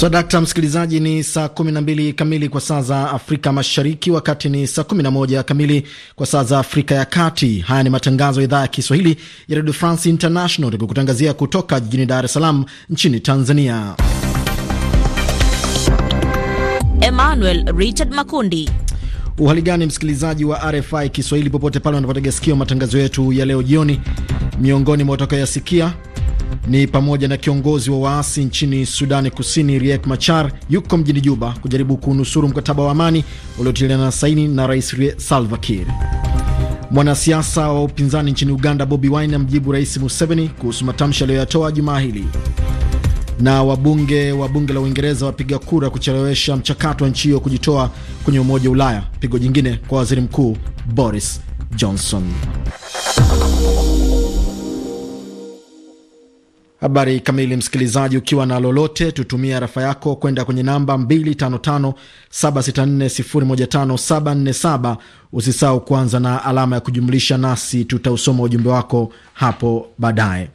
So, dakta msikilizaji, ni saa 12 kamili kwa saa za Afrika Mashariki, wakati ni saa 11 kamili kwa saa za Afrika ya Kati. Haya ni matangazo ya idhaa ya Kiswahili ya Radio France International, tukikutangazia kutoka jijini Dar es Salaam nchini Tanzania. Emmanuel Richard Makundi. Uhali gani msikilizaji wa RFI Kiswahili, popote pale unapotega sikio matangazo yetu ya leo jioni. Miongoni mwa utakayoyasikia ni pamoja na kiongozi wa waasi nchini Sudani Kusini Riek Machar yuko mjini Juba kujaribu kunusuru mkataba wa amani uliotiliana saini na Rais Salva Kiir. Mwanasiasa wa upinzani nchini Uganda Bobi Wine amjibu Rais Museveni kuhusu matamshi aliyoyatoa jumaa hili. Na wabunge wa bunge la Uingereza wapiga kura kuchelewesha mchakato wa nchi hiyo kujitoa kwenye Umoja wa Ulaya, pigo jingine kwa waziri mkuu Boris Johnson. Habari kamili, msikilizaji, ukiwa na lolote, tutumia rafa yako kwenda kwenye namba 255764015747. Usisahau kuanza na alama ya kujumlisha, nasi tutausoma ujumbe wako hapo baadaye.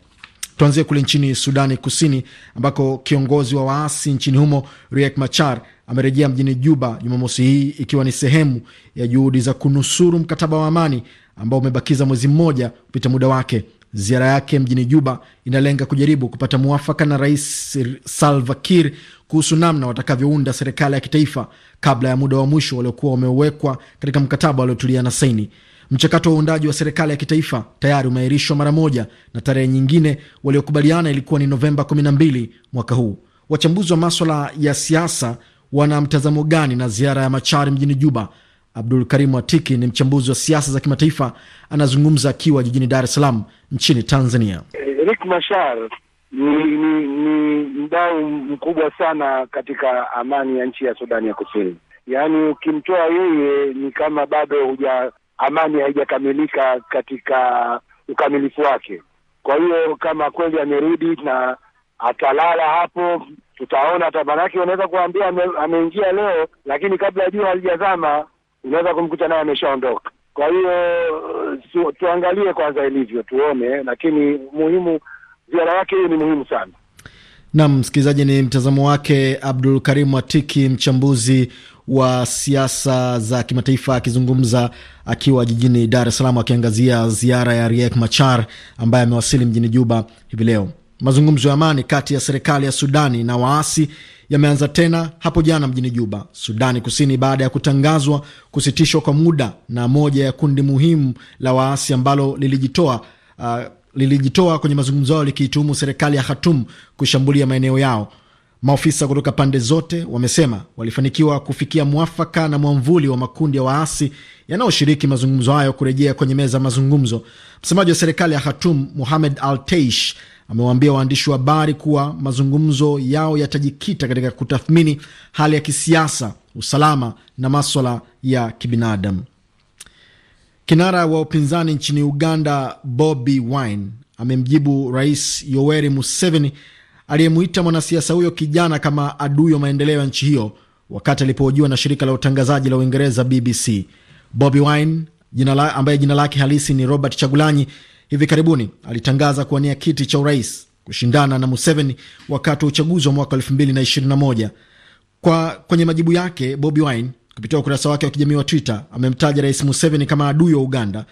Tuanzie kule nchini Sudani Kusini ambako kiongozi wa waasi nchini humo Riek Machar amerejea mjini Juba Jumamosi hii ikiwa ni sehemu ya juhudi za kunusuru mkataba wa amani ambao umebakiza mwezi mmoja kupita muda wake. Ziara yake mjini Juba inalenga kujaribu kupata mwafaka na Rais Salva Kiir kuhusu namna watakavyounda serikali ya kitaifa kabla ya muda wa mwisho waliokuwa wamewekwa katika mkataba waliotulia na saini. Mchakato wa uundaji wa serikali ya kitaifa tayari umeahirishwa mara moja na tarehe nyingine waliokubaliana ilikuwa ni Novemba 12 mwaka huu. Wachambuzi wa maswala ya siasa wana mtazamo gani na ziara ya machari mjini Juba Abdul Karimu Atiki ni mchambuzi wa siasa za kimataifa, anazungumza akiwa jijini Dar es Salaam nchini Tanzania. rik mashar ni, ni, ni mdau mkubwa sana katika amani ya nchi ya Sudani ya Kusini. Yaani ukimtoa yeye ni kama bado huja amani haijakamilika katika ukamilifu wake. Kwa hiyo kama kweli amerudi na atalala hapo, tutaona hata, manake unaweza kuambia ameingia leo, lakini kabla ya jua halijazama unaweza kumkuta naye ameshaondoka. Kwa hiyo su, tuangalie kwanza ilivyo tuone, lakini muhimu ziara yake hiyo ni muhimu sana. Nam msikilizaji, ni mtazamo wake Abdul Karimu Atiki, mchambuzi wa siasa za kimataifa akizungumza akiwa jijini Dar es Salaam akiangazia ziara ya Riek Machar ambaye amewasili mjini Juba hivi leo. Mazungumzo ya amani kati ya serikali ya Sudani na waasi yameanza tena hapo jana mjini Juba, Sudani Kusini, baada ya kutangazwa kusitishwa kwa muda na moja ya kundi muhimu la waasi ambalo lilijitoa uh, lilijitoa kwenye mazungumzo hayo likiituhumu serikali ya Khartoum kushambulia maeneo yao. Maofisa kutoka pande zote wamesema walifanikiwa kufikia mwafaka na mwamvuli wa makundi ya waasi yanayoshiriki mazungumzo hayo kurejea kwenye meza ya mazungumzo. Msemaji wa serikali ya Khartoum muhamed Al Teish amewaambia waandishi wa habari kuwa mazungumzo yao yatajikita katika kutathmini hali ya kisiasa, usalama na maswala ya kibinadamu. Kinara wa upinzani nchini Uganda, Bobi Wine amemjibu Rais Yoweri Museveni aliyemuita mwanasiasa huyo kijana kama adui wa maendeleo ya nchi hiyo wakati alipohojiwa na shirika la utangazaji la Uingereza BBC. Bobi Wine jina la, ambaye jina lake halisi ni Robert Chagulanyi hivi karibuni alitangaza kuwania kiti cha urais kushindana na Museveni wakati wa uchaguzi wa mwaka 2021. Kwa kwenye majibu yake, Bobi Wine kupitia ukurasa wake wa kijamii wa Twitter amemtaja Rais Museveni kama adui wa Uganda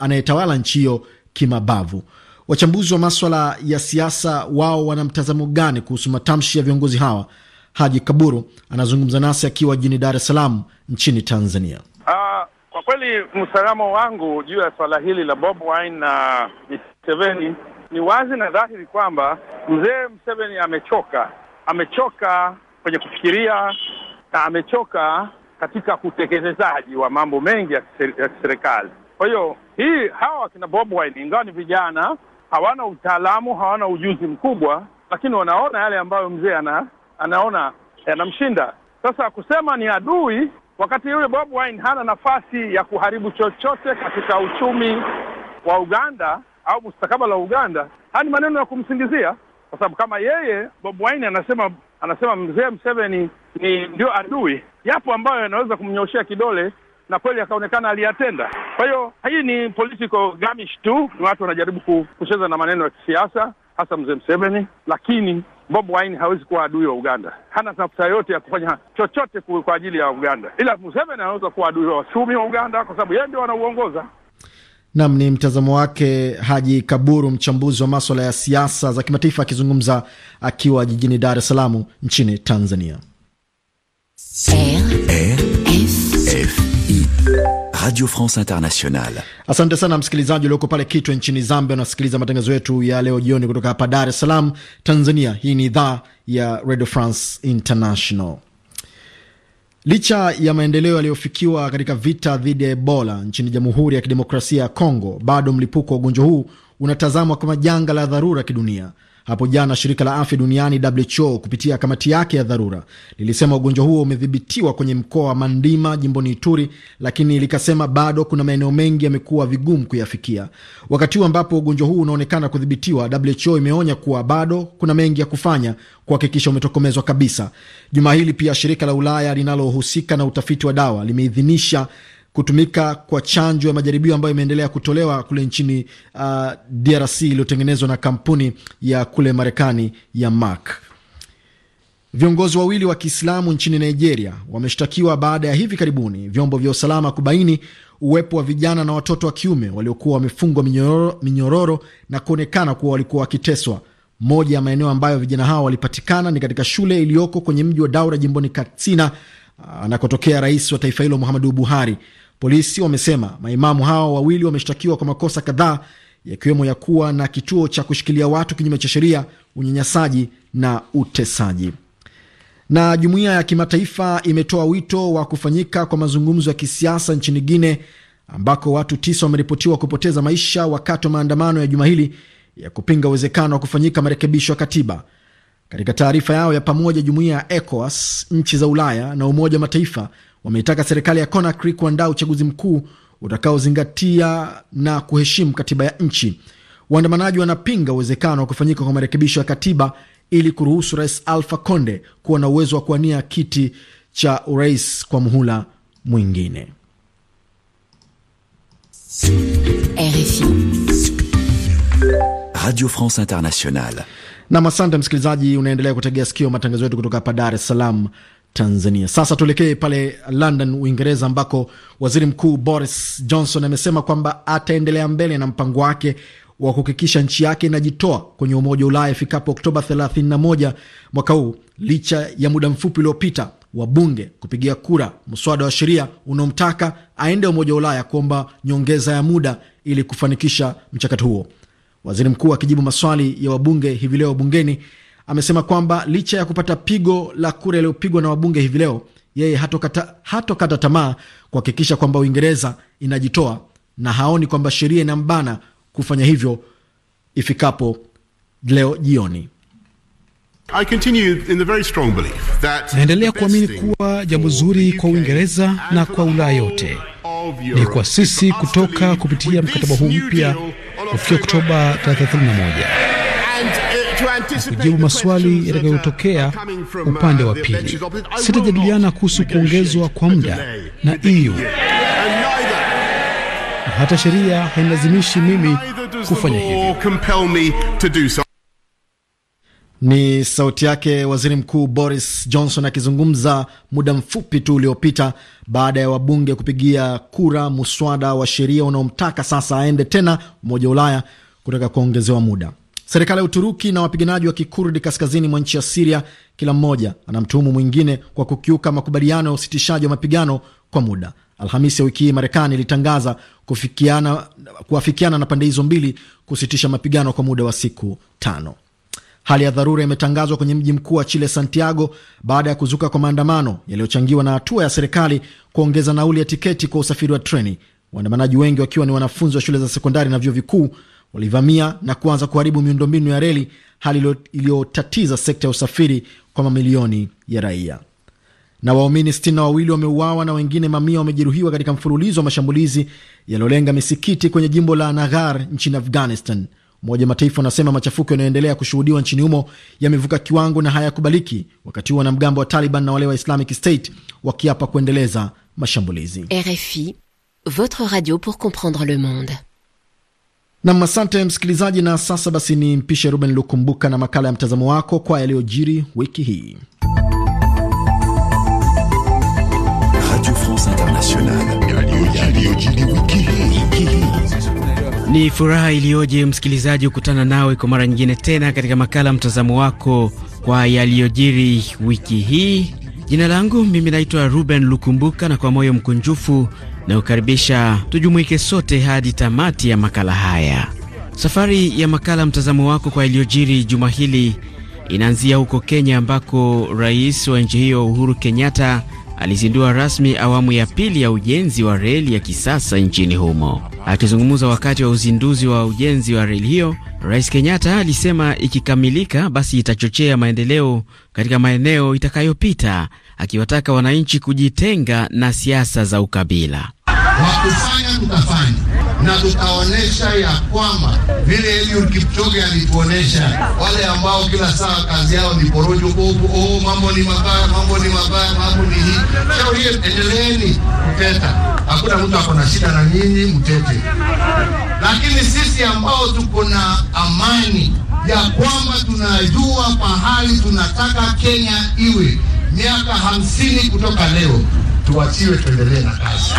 anayetawala nchi hiyo kimabavu. Wachambuzi wa maswala ya siasa, wao wana mtazamo gani kuhusu matamshi ya viongozi hawa? Haji Kaburu anazungumza nasi akiwa jijini Dar es Salaam nchini Tanzania. Ah, kwa kweli msalamo wangu juu ya swala hili la Bob Wine na Mseveni ni wazi na dhahiri kwamba mzee Mseveni amechoka, amechoka kwenye kufikiria na amechoka katika utekelezaji wa mambo mengi ya kiserikali. Kwa hiyo hii hawa wakina Bob Wine, ingawa ni vijana, hawana utaalamu, hawana ujuzi mkubwa, lakini wanaona yale ambayo mzee ana, anaona yanamshinda. Sasa kusema ni adui Wakati yule bob Wine hana nafasi ya kuharibu chochote katika uchumi wa Uganda au mustakabali wa Uganda. Haya ni maneno ya kumsingizia, kwa sababu kama yeye bob Wine anasema anasema mzee mseveni ni ndio adui, yapo ambayo yanaweza kumnyoshea kidole na kweli akaonekana aliyatenda. Kwa hiyo hii ni political gamish tu, ni watu wanajaribu kucheza na maneno ya kisiasa, hasa mzee mseveni lakini Bob Wine hawezi kuwa adui wa Uganda, hana nafsa yote ya kufanya chochote kwa ajili ya Uganda, ila Museveni anaweza kuwa adui wa wachumi wa Uganda kwa sababu yeye ndio wanauongoza Nam ni mtazamo wake Haji Kaburu, mchambuzi wa maswala ya siasa za kimataifa, akizungumza akiwa jijini Dar es Salaam nchini Tanzania. Radio France Internationale. Asante sana msikilizaji ulioko pale Kitwe nchini Zambia, unasikiliza matangazo yetu ya leo jioni kutoka hapa Dar es Salaam, Tanzania. Hii ni idhaa ya Radio France International. Licha ya maendeleo yaliyofikiwa katika vita dhidi ya Ebola nchini Jamhuri ya Kidemokrasia ya Kongo, bado mlipuko wa ugonjwa huu unatazamwa kama janga la dharura kidunia. Hapo jana shirika la afya duniani WHO kupitia kamati yake ya dharura lilisema ugonjwa huo umedhibitiwa kwenye mkoa wa Mandima jimboni Ituri, lakini likasema bado kuna maeneo mengi yamekuwa vigumu kuyafikia. Wakati huu ambapo ugonjwa huu unaonekana kudhibitiwa, WHO imeonya kuwa bado kuna mengi ya kufanya kuhakikisha umetokomezwa kabisa. Juma hili pia shirika la Ulaya linalohusika na utafiti wa dawa limeidhinisha kutumika kwa chanjo ya majaribio ambayo imeendelea kutolewa kule nchini uh, DRC iliyotengenezwa na kampuni ya kule Marekani ya Merck. Viongozi wawili wa Kiislamu nchini Nigeria wameshtakiwa baada ya hivi karibuni vyombo vya usalama kubaini uwepo wa vijana na watoto wa kiume waliokuwa wamefungwa minyororo, minyororo na kuonekana kuwa walikuwa wakiteswa. Moja ya maeneo ambayo vijana hao walipatikana ni katika shule iliyoko kwenye mji wa Daura jimboni Katsina uh, anakotokea rais wa taifa hilo Muhammadu Buhari. Polisi wamesema maimamu hao wawili wameshtakiwa kwa makosa kadhaa yakiwemo ya kuwa na kituo cha kushikilia watu kinyume cha sheria, unyanyasaji na utesaji. Na jumuiya ya kimataifa imetoa wito wa kufanyika kwa mazungumzo ya kisiasa nchini Guine ambako watu tisa wameripotiwa kupoteza maisha wakati wa maandamano ya juma hili ya kupinga uwezekano wa kufanyika marekebisho ya katiba. Katika taarifa yao ya pamoja, jumuiya ya ECOWAS, nchi za Ulaya na Umoja wa Mataifa wameitaka serikali ya Conakry kuandaa uchaguzi mkuu utakaozingatia na kuheshimu katiba ya nchi. Waandamanaji wanapinga uwezekano wa kufanyika kwa marekebisho ya katiba ili kuruhusu Rais Alpha Conde kuwa na uwezo wa kuwania kiti cha urais kwa muhula mwingine. RFI Radio France Internationale. Nam, asante msikilizaji, unaendelea kutegea sikio matangazo yetu kutoka hapa Dar es Salaam, Tanzania. Sasa tuelekee pale London, Uingereza, ambako waziri mkuu Boris Johnson amesema kwamba ataendelea mbele na mpango wake wa kuhakikisha nchi yake inajitoa kwenye Umoja wa Ulaya ifikapo Oktoba 31 mwaka huu, licha ya muda mfupi uliopita wabunge kupigia kura mswada wa sheria unaomtaka aende Umoja wa Ulaya kuomba nyongeza ya muda ili kufanikisha mchakato huo. Waziri mkuu akijibu maswali ya wabunge hivi leo bungeni amesema kwamba licha ya kupata pigo la kura iliyopigwa na wabunge hivi leo, yeye hatokata, hatokata tamaa kuhakikisha kwamba Uingereza inajitoa na haoni kwamba sheria inambana kufanya hivyo ifikapo leo jioni. Naendelea kuamini kuwa jambo zuri kwa Uingereza na kwa Ulaya yote ni kwa sisi kutoka kupitia mkataba huu mpya kufikia Oktoba 31 uh, kujibu maswali yatakayotokea upande uh, wa pili. Sitajadiliana kuhusu kuongezwa kwa muda na EU, hata sheria hainilazimishi mimi kufanya hivyo. Ni sauti yake Waziri Mkuu Boris Johnson akizungumza muda mfupi tu uliopita baada ya wabunge kupigia kura muswada wa sheria unaomtaka sasa aende tena Umoja wa Ulaya kutaka kuongezewa muda. Serikali ya Uturuki na wapiganaji wa Kikurdi kaskazini mwa nchi ya Siria, kila mmoja anamtuhumu mwingine kwa kukiuka makubaliano ya usitishaji wa mapigano kwa muda. Alhamisi ya wiki hii Marekani ilitangaza kuafikiana na pande hizo mbili kusitisha mapigano kwa muda wa siku tano. Hali ya dharura imetangazwa kwenye mji mkuu wa Chile, Santiago, baada ya kuzuka kwa maandamano yaliyochangiwa na hatua ya serikali kuongeza nauli ya tiketi kwa usafiri wa treni. Waandamanaji wengi wakiwa ni wanafunzi wa shule za sekondari na vyuo vikuu walivamia na kuanza kuharibu miundombinu ya reli, hali iliyotatiza sekta ya usafiri kwa mamilioni ya raia. Na waumini sitini na wawili wameuawa na wengine mamia wamejeruhiwa katika mfululizo wa mashambulizi yaliyolenga misikiti kwenye jimbo la Nagar nchini Afghanistan. Umoja Mataifa unasema machafuko yanayoendelea kushuhudiwa nchini humo yamevuka kiwango na hayakubaliki, wakati huu wanamgambo wa Taliban na wale wa Islamic State wakiapa kuendeleza mashambulizi. RFI, votre radio pour comprendre le monde. Nam, asante msikilizaji. Na sasa basi ni mpishe Ruben Lukumbuka na makala ya mtazamo wako kwa yaliyojiri wiki hii. Radio France Internationale, yaliyojiri wiki hii. Ni furaha iliyoje msikilizaji kukutana nawe kwa mara nyingine tena katika makala mtazamo wako kwa yaliyojiri wiki hii. Jina langu mimi naitwa Ruben Lukumbuka, na kwa moyo mkunjufu nakukaribisha tujumuike sote hadi tamati ya makala haya. Safari ya makala mtazamo wako kwa yaliyojiri juma hili inaanzia huko Kenya, ambako rais wa nchi hiyo Uhuru Kenyatta alizindua rasmi awamu ya pili ya ujenzi wa reli ya kisasa nchini humo. Akizungumza wakati wa uzinduzi wa ujenzi wa reli hiyo, Rais Kenyatta alisema ikikamilika, basi itachochea maendeleo katika maeneo itakayopita, akiwataka wananchi kujitenga na siasa za ukabila wa kufanya tutafanya, na tutaonesha ya kwamba vile Eliud Kipchoge alituonesha, wale ambao kila saa kazi yao ni porojo, huku oh, oh, oh, mambo ni mabaya, mambo ni mabaya, mambo ni hii. Sio hiyo endeleeni kuteta, hakuna mtu ako na shida na nyinyi, mtete. Lakini sisi ambao tuko na amani ya kwamba tunajua pahali tunataka Kenya iwe miaka hamsini kutoka leo tuachiwe tuendelee na kazi.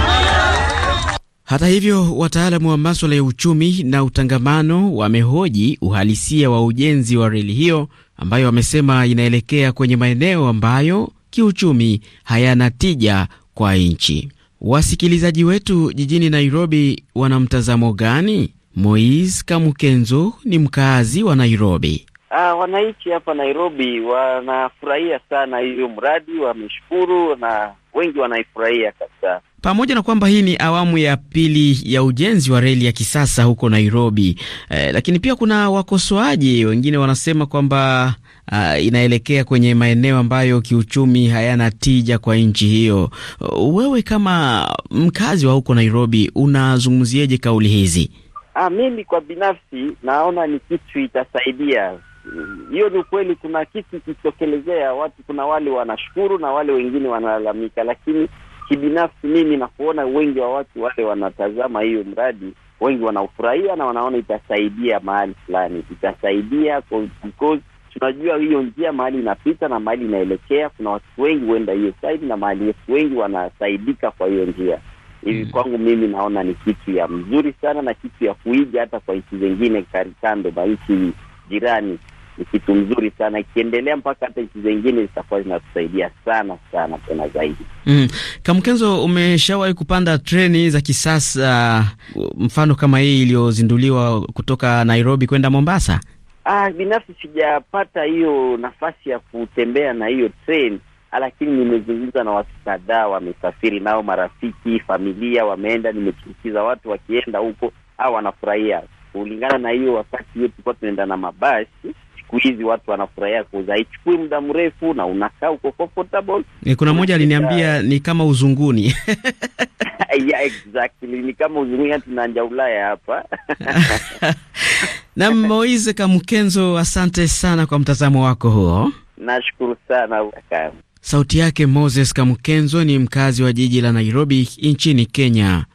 Hata hivyo, wataalamu wa maswala ya uchumi na utangamano wamehoji uhalisia wa ujenzi wa reli hiyo ambayo wamesema inaelekea kwenye maeneo ambayo kiuchumi hayana tija kwa nchi. Wasikilizaji wetu jijini Nairobi wana mtazamo gani? mois Kamukenzo ni mkaazi wa Nairobi. Ah, wananchi hapa Nairobi wanafurahia sana hiyo mradi, wameshukuru na wengi wanaifurahia kabisa. Pamoja na kwamba hii ni awamu ya pili ya ujenzi wa reli ya kisasa huko Nairobi, eh, lakini pia kuna wakosoaji wengine wanasema kwamba Uh, inaelekea kwenye maeneo ambayo kiuchumi hayana tija kwa nchi hiyo. Wewe kama mkazi wa huko Nairobi unazungumzieje kauli hizi? Ah, mimi kwa binafsi naona ni kitu itasaidia hiyo ni ukweli. Kuna kitu kitokelezea watu, kuna wale wanashukuru na wale wengine wanalalamika, lakini kibinafsi mimi na kuona wengi wa watu wale wanatazama hiyo mradi, wengi wanaofurahia na wanaona itasaidia mahali fulani, itasaidia because tunajua hiyo njia mahali inapita na mahali inaelekea. Kuna watu wengi huenda hiyo side na mahali wetu wengi wanasaidika kwa hiyo njia hivi. Mm, kwangu mimi naona ni kitu ya mzuri sana na kitu ya kuiga hata kwa nchi zengine karikando na nchi jirani ni kitu mzuri sana, ikiendelea mpaka hata nchi zingine zitakuwa zinatusaidia sana sana tena zaidi. Mm. Kamkenzo, umeshawahi kupanda treni za kisasa uh, mfano kama hii iliyozinduliwa kutoka Nairobi kwenda Mombasa? Ah, binafsi sijapata hiyo nafasi ya kutembea na hiyo treni, lakini nimezungumza na watu kadhaa, wamesafiri nao, marafiki, familia wameenda, nimechukiza watu wakienda huko, au wanafurahia kulingana na hiyo. Wakati hiyo tulikuwa tunaenda na mabasi siku hizi watu wanafurahia kuuza, haichukui muda mrefu na unakaa uko comfortable. Eh, kuna mmoja aliniambia ni kama uzunguni. Yeah, exactly, ni kama uzunguni, hata tunaanja Ulaya hapa. Na Moise Kamkenzo, asante sana kwa mtazamo wako huo, nashukuru sana kaka. Sauti yake Moses Kamkenzo ni mkazi wa jiji la Nairobi nchini Kenya.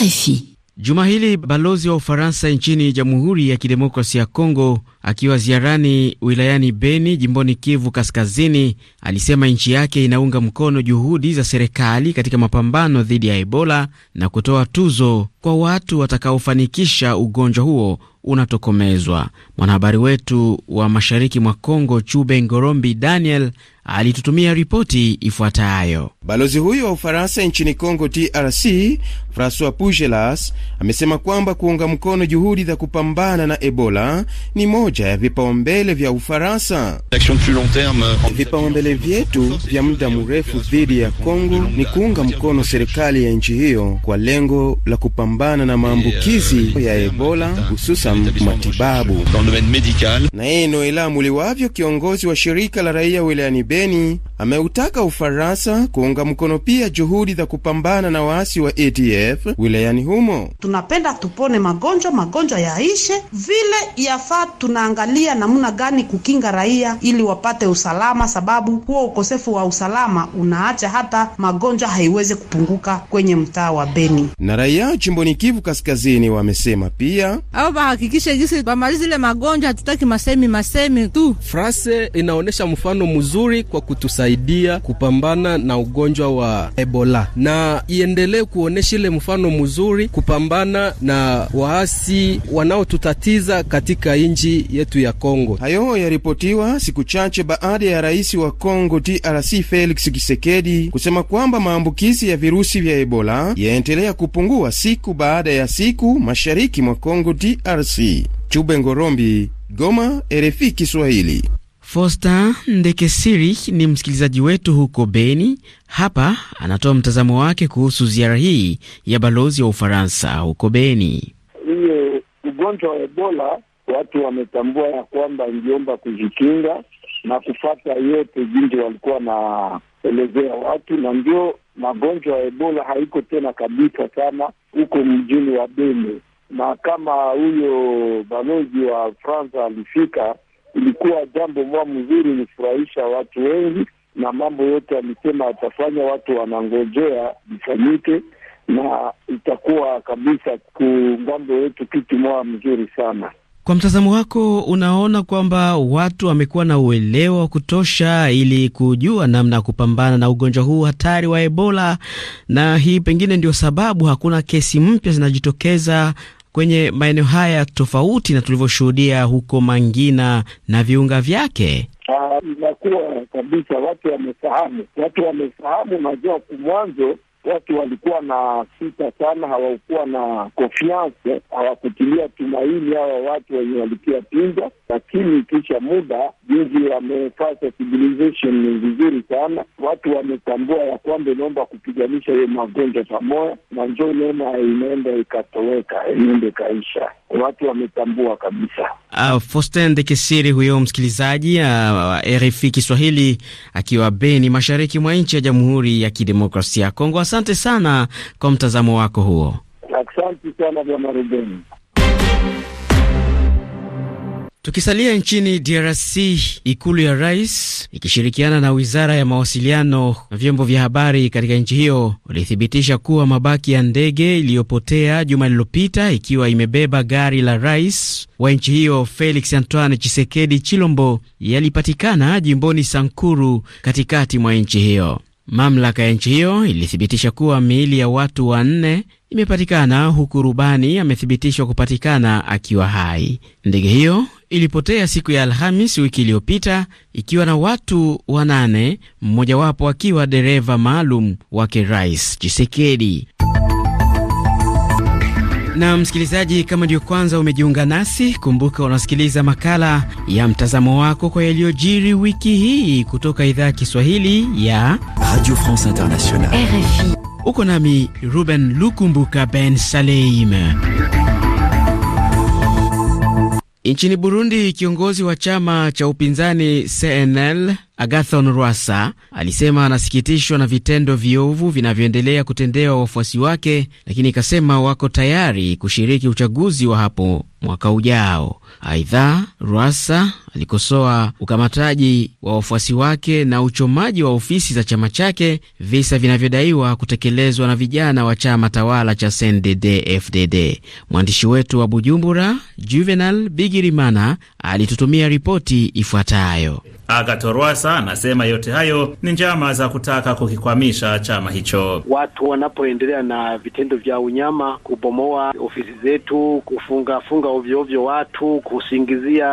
RFI Juma hili balozi wa Ufaransa nchini Jamhuri ya kidemokrasi ya Kongo akiwa ziarani wilayani Beni jimboni Kivu Kaskazini alisema nchi yake inaunga mkono juhudi za serikali katika mapambano dhidi ya Ebola na kutoa tuzo kwa watu watakaofanikisha ugonjwa huo unatokomezwa. Mwanahabari wetu wa mashariki mwa Kongo Chube Ngorombi Daniel alitutumia ripoti ifuatayo. Balozi huyo wa Ufaransa nchini congo trc Francois Pugelas amesema kwamba kuunga mkono juhudi za kupambana na Ebola ni moja ya vipaumbele vya Ufaransa. Vipaumbele vyetu vya muda mrefu dhidi ya Kongo ni kuunga mkono serikali ya nchi hiyo kwa lengo la kupambana na maambukizi ya Ebola, hususan matibabu. Na yeye Noela Muliwavyo, kiongozi wa shirika la raia wilayani Beni ameutaka Ufaransa kuunga mkono pia juhudi za kupambana na waasi wa ADF wilayani humo. Tunapenda tupone magonjwa, magonjwa yaishe. Vile yafaa tunaangalia namna gani kukinga raia ili wapate usalama, sababu huo ukosefu wa usalama unaacha hata magonjwa haiwezi kupunguka kwenye mtaa wa Beni. Na raia jimboni Kivu Kaskazini wamesema pia au bahakikishe jisi pamalizi ile magonjwa, hatutaki masemi masemi tu. France inaonyesha mfano mzuri kwa kutusaidia kupambana na ugonjwa wa Ebola, na iendelee kuonesha ile mfano mzuri kupambana na waasi wanaotutatiza katika nchi yetu ya Kongo. Hayo yaripotiwa siku chache baada ya rais wa Kongo DRC Felix Tshisekedi kusema kwamba maambukizi ya virusi vya Ebola yaendelea kupungua siku baada ya siku mashariki mwa Kongo DRC. Chube Ngorombi, Goma, RFI Kiswahili. Foster Ndekesiri ni msikilizaji wetu huko Beni. Hapa anatoa mtazamo wake kuhusu ziara hii ya balozi wa Ufaransa huko Beni. Hiyo ugonjwa wa Ebola watu wametambua ya kwamba ingiomba kujikinga na kufata yote jinsi walikuwa wanaelezea watu, na ndio magonjwa ya Ebola haiko tena kabisa sana huko mjini wa Beni, na kama huyo balozi wa Fransa alifika ilikuwa jambo moa mzuri, ilifurahisha watu wengi, na mambo yote alisema atafanya, watu wanangojea ifanyike, na itakuwa kabisa kungambo yetu kitu moa mzuri sana. Kwa mtazamo wako, unaona kwamba watu wamekuwa na uelewa wa kutosha ili kujua namna ya kupambana na ugonjwa huu hatari wa Ebola, na hii pengine ndio sababu hakuna kesi mpya zinajitokeza kwenye maeneo haya tofauti na tulivyoshuhudia huko Mangina na viunga vyake? Ah, inakuwa kabisa, watu wamefahamu, watu wamefahamu. Unajua, kumwanzo watu walikuwa na sita sana, hawakuwa na konfiance, hawakutilia tumaini hawa watu wenye walikia pinzwa, lakini kisha muda jinsi wamefanya ni vizuri sana, watu wametambua ya kwamba inaomba kupiganisha hiyo magonjwa pamoja, na njo nema inaenda ikatoweka, inaenda ikaisha watu wametambua kabisa. Uh, Faustin de Kesiri huyo msikilizaji uh, ah, ah, RFI Kiswahili akiwa Beni, mashariki mwa nchi ya Jamhuri ya Kidemokrasia ya Kongo. Asante sana kwa mtazamo wako huo. Asante sana bwana Rubeni. Tukisalia nchini DRC, ikulu ya rais ikishirikiana na wizara ya mawasiliano na vyombo vya habari katika nchi hiyo walithibitisha kuwa mabaki ya ndege iliyopotea juma lililopita ikiwa imebeba gari la rais wa nchi hiyo Felix Antoine Chisekedi Chilombo yalipatikana jimboni Sankuru katikati mwa nchi hiyo. Mamlaka ya nchi hiyo ilithibitisha kuwa miili ya watu wanne imepatikana huku rubani amethibitishwa kupatikana akiwa hai. Ndege hiyo ilipotea siku ya Alhamis wiki iliyopita ikiwa na watu wanane, mmojawapo akiwa dereva maalum wake Rais Chisekedi. Na msikilizaji, kama ndiyo kwanza umejiunga nasi, kumbuka unasikiliza makala ya mtazamo wako kwa yaliyojiri wiki hii kutoka idhaa ya Kiswahili ya Radio France Internationale. Uko nami Ruben Lukumbuka Ben Saleim. Nchini Burundi, kiongozi wa chama cha upinzani CNL Agathon Rwasa alisema anasikitishwa na vitendo viovu vinavyoendelea kutendewa wafuasi wake, lakini ikasema wako tayari kushiriki uchaguzi wa hapo mwaka ujao. Aidha, Rwasa alikosoa ukamataji wa wafuasi wake na uchomaji wa ofisi za chama chake, visa vinavyodaiwa kutekelezwa na vijana wa chama tawala cha CNDD FDD. Mwandishi wetu wa Bujumbura, Juvenal Bigirimana, alitutumia ripoti ifuatayo. Agathon Rwasa anasema yote hayo ni njama za kutaka kukikwamisha chama hicho. Watu wanapoendelea na vitendo vya unyama, kubomoa ofisi zetu, kufunga funga watu, kusingizia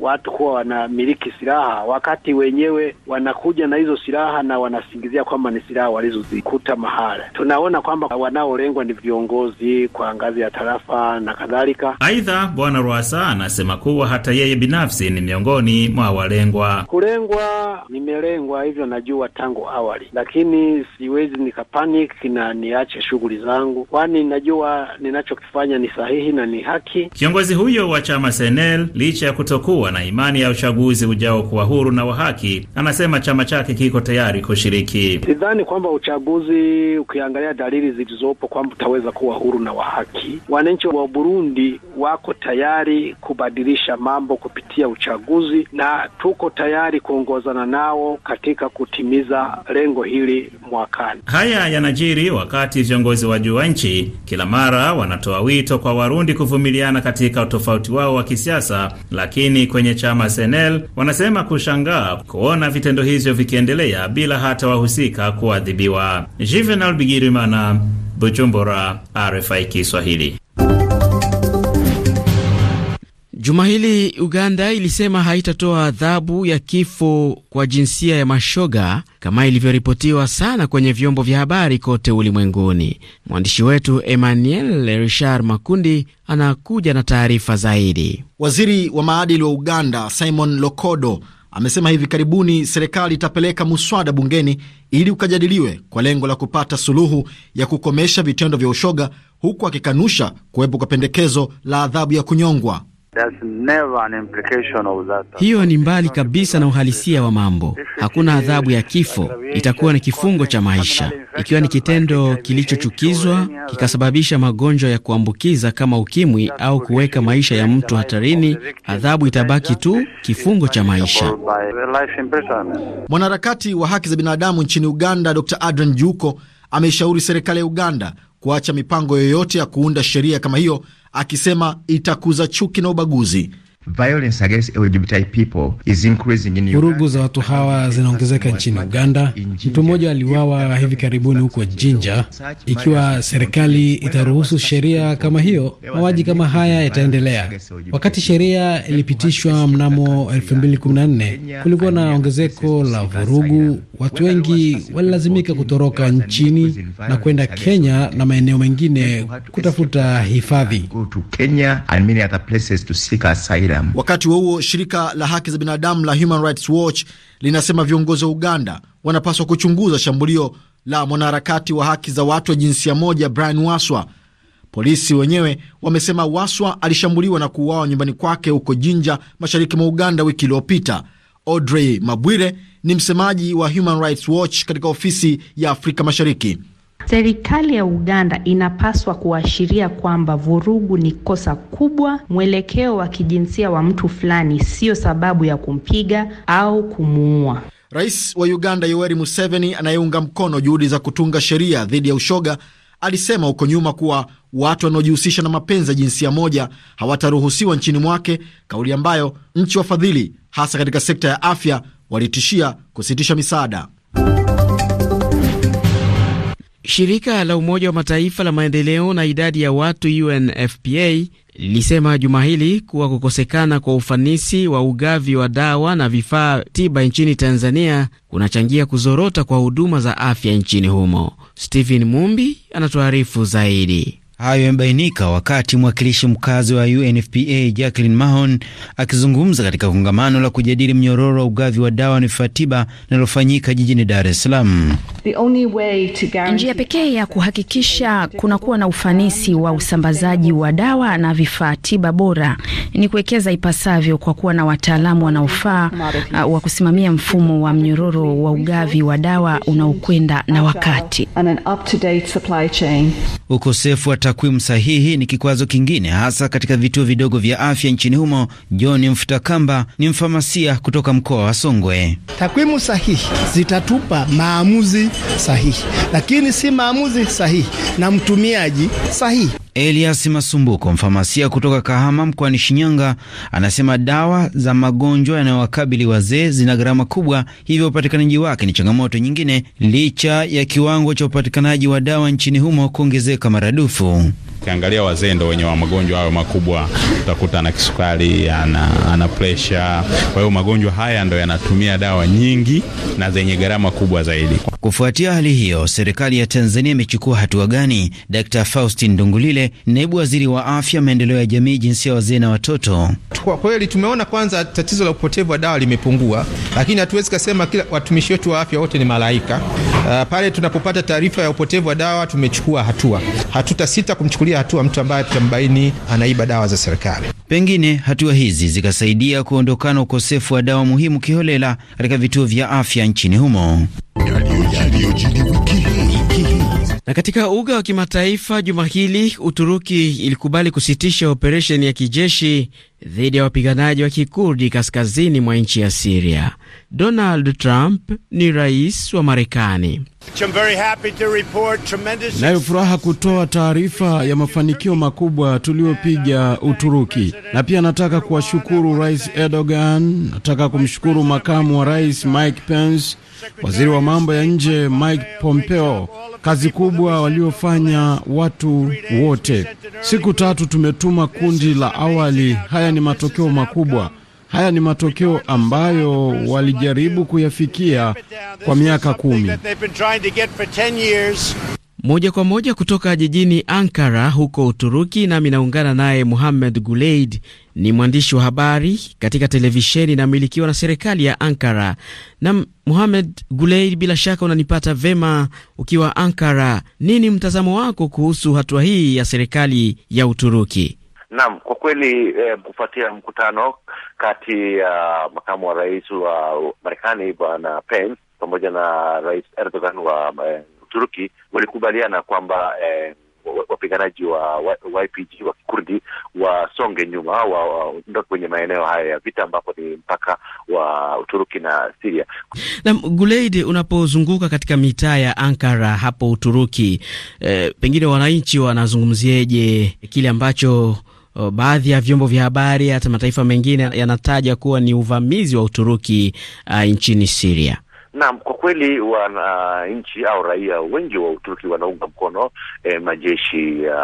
watu kuwa wanamiliki silaha, wakati wenyewe wanakuja na hizo silaha na wanasingizia kwamba ni silaha walizozikuta mahala. Tunaona kwamba wanaolengwa ni viongozi kwa ngazi ya tarafa na kadhalika. Aidha, Bwana rwasa anasema kuwa hata yeye binafsi ni miongoni mwa walengwa kulengwa nimelengwa hivyo najua tangu awali, lakini siwezi nikapanic na niache shughuli zangu, kwani najua ninachokifanya ni sahihi na ni haki. Kiongozi huyo wa chama Senel, licha ya kutokuwa na imani ya uchaguzi ujao kuwa huru na wa haki, anasema chama chake kiko tayari kushiriki. Sidhani kwamba uchaguzi, ukiangalia dalili zilizopo, kwamba utaweza kuwa huru na wa haki. Wananchi wa Burundi wako tayari kubadilisha mambo kupitia uchaguzi na tuko tayari kuongozana kukutana nao katika kutimiza lengo hili mwakani. Haya yanajiri wakati viongozi wa juu wa nchi kila mara wanatoa wito kwa Warundi kuvumiliana katika utofauti wao wa kisiasa, lakini kwenye chama Senel wanasema kushangaa kuona vitendo hivyo vikiendelea bila hata wahusika kuadhibiwa. Juvenal Bigirimana, Bujumbura, RFI Kiswahili. Juma hili Uganda ilisema haitatoa adhabu ya kifo kwa jinsia ya mashoga kama ilivyoripotiwa sana kwenye vyombo vya habari kote ulimwenguni. Mwandishi wetu Emmanuel Richard Makundi anakuja na taarifa zaidi. Waziri wa maadili wa Uganda Simon Lokodo amesema hivi karibuni serikali itapeleka muswada bungeni ili ukajadiliwe kwa lengo la kupata suluhu ya kukomesha vitendo vya ushoga, huku akikanusha kuwepo kwa pendekezo la adhabu ya kunyongwa. Hiyo ni mbali kabisa na uhalisia wa mambo. Hakuna adhabu ya kifo, itakuwa ni kifungo cha maisha ikiwa ni kitendo kilichochukizwa kikasababisha magonjwa ya kuambukiza kama ukimwi au kuweka maisha ya mtu hatarini. Adhabu itabaki tu kifungo cha maisha. Mwanaharakati wa haki za binadamu nchini Uganda, Dr Adrian Juko, ameishauri serikali ya Uganda kuacha mipango yoyote ya kuunda sheria kama hiyo akisema itakuza chuki na ubaguzi Violence against people is increasing in Uganda. Vurugu za watu hawa zinaongezeka nchini Uganda. Mtu mmoja aliuawa hivi karibuni huko Jinja. Ikiwa serikali itaruhusu sheria kama hiyo, mauaji kama haya yataendelea. Wakati sheria ilipitishwa mnamo 2014 kulikuwa na ongezeko la vurugu. Watu wengi walilazimika kutoroka nchini na kwenda Kenya na maeneo mengine kutafuta hifadhi binadamu. Wakati huo huo, shirika la haki za binadamu la Human Rights Watch linasema viongozi wa Uganda wanapaswa kuchunguza shambulio la mwanaharakati wa haki za watu wa jinsia moja Brian Waswa. Polisi wenyewe wamesema Waswa alishambuliwa na kuuawa nyumbani kwake huko Jinja, mashariki mwa Uganda wiki iliyopita. Audrey Mabwire ni msemaji wa Human Rights Watch katika ofisi ya Afrika Mashariki. Serikali ya Uganda inapaswa kuashiria kwamba vurugu ni kosa kubwa. Mwelekeo wa kijinsia wa mtu fulani siyo sababu ya kumpiga au kumuua. Rais wa Uganda Yoweri Museveni anayeunga mkono juhudi za kutunga sheria dhidi ya ushoga alisema huko nyuma kuwa watu wanaojihusisha na mapenzi ya jinsia moja hawataruhusiwa nchini mwake, kauli ambayo nchi wafadhili hasa katika sekta ya afya walitishia kusitisha misaada. Shirika la Umoja wa Mataifa la maendeleo na idadi ya watu UNFPA lilisema juma hili kuwa kukosekana kwa ufanisi wa ugavi wa dawa na vifaa tiba nchini Tanzania kunachangia kuzorota kwa huduma za afya nchini humo. Stephen Mumbi anatuarifu zaidi. Hayo yamebainika wakati mwakilishi mkazi wa UNFPA Jacqueline Mahon akizungumza katika kongamano la kujadili mnyororo wa ugavi wa dawa na vifaa tiba linalofanyika jijini Dar es Salaam. Njia pekee ya kuhakikisha kunakuwa na ufanisi wa usambazaji wa dawa na vifaa tiba bora ni kuwekeza ipasavyo kwa kuwa na wataalamu wanaofaa uh, wa kusimamia mfumo wa mnyororo wa ugavi wa dawa unaokwenda na wakati. Ukosefu wa takwimu sahihi ni kikwazo kingine, hasa katika vituo vidogo vya afya nchini humo. John Mfutakamba ni mfamasia kutoka mkoa wa Songwe. Takwimu sahihi zitatupa maamuzi sahihi, lakini si maamuzi sahihi na mtumiaji sahihi. Elias Masumbuko, mfamasia kutoka Kahama mkoani Shinyanga, anasema dawa za magonjwa yanayowakabili wazee zina gharama kubwa, hivyo upatikanaji wake ni changamoto nyingine, licha ya kiwango cha upatikanaji wa dawa nchini humo kuongezeka maradufu. Brown. Ukiangalia wazee ndo wenye wa magonjwa hayo makubwa, utakuta ana kisukari, ana, ana presha. Kwa hiyo magonjwa haya ndo yanatumia dawa nyingi na zenye gharama kubwa zaidi. Kufuatia hali hiyo, serikali ya Tanzania imechukua hatua gani? Dkt. Faustin Ndungulile, naibu waziri wa afya, maendeleo ya jamii, jinsia ya wazee na watoto. Kwa kweli tumeona kwanza tatizo la upotevu wa dawa limepungua, lakini hatuwezi kusema kila watumishi wetu wa afya wote ni malaika. Uh, pale tunapopata taarifa ya upotevu wa dawa tumechukua hatua, hatutasita kumchukulia kuchukulia hatua mtu ambaye tutambaini anaiba dawa za serikali. Pengine hatua hizi zikasaidia kuondokana ukosefu wa dawa muhimu kiholela katika vituo vya afya nchini humo. yali, yali, yali, yali. Na katika uga wa kimataifa juma hili, Uturuki ilikubali kusitisha operesheni ya kijeshi dhidi ya wapiganaji wa kikurdi kaskazini mwa nchi ya Siria. Donald Trump ni rais wa Marekani. Nayo furaha kutoa taarifa ya mafanikio makubwa tuliyopiga Uturuki, na pia nataka kuwashukuru Rais Erdogan, nataka kumshukuru makamu wa rais Mike Pence Waziri wa mambo ya nje Mike Pompeo, kazi kubwa waliofanya watu wote. Siku tatu tumetuma kundi la awali. Haya ni matokeo makubwa. Haya ni matokeo ambayo walijaribu kuyafikia kwa miaka kumi. Moja kwa moja kutoka jijini Ankara huko Uturuki, nami naungana naye Muhammed Guleid, ni mwandishi wa habari katika televisheni inamilikiwa na serikali ya Ankara. Na Muhammed Guleid, bila shaka unanipata vema ukiwa Ankara. Nini mtazamo wako kuhusu hatua hii ya serikali ya Uturuki? Naam, kwa kweli eh, kufuatia mkutano kati ya uh, makamu wa rais wa Marekani Bwana Pence pamoja na Rais Erdogan wa eh, Uturuki walikubaliana kwamba eh, wapiganaji wa YPG wa Kikurdi wasonge nyuma, waondoke kwenye maeneo haya ya vita ambapo ni mpaka wa Uturuki na Siria. Na Guleid, unapozunguka katika mitaa ya Ankara hapo Uturuki, eh, pengine wananchi wanazungumzieje kile ambacho baadhi ya vyombo vya habari hata mataifa mengine yanataja kuwa ni uvamizi wa Uturuki uh, nchini Siria? Naam, kwa kweli wananchi uh, au raia wengi wa Uturuki wanaunga mkono eh, majeshi ya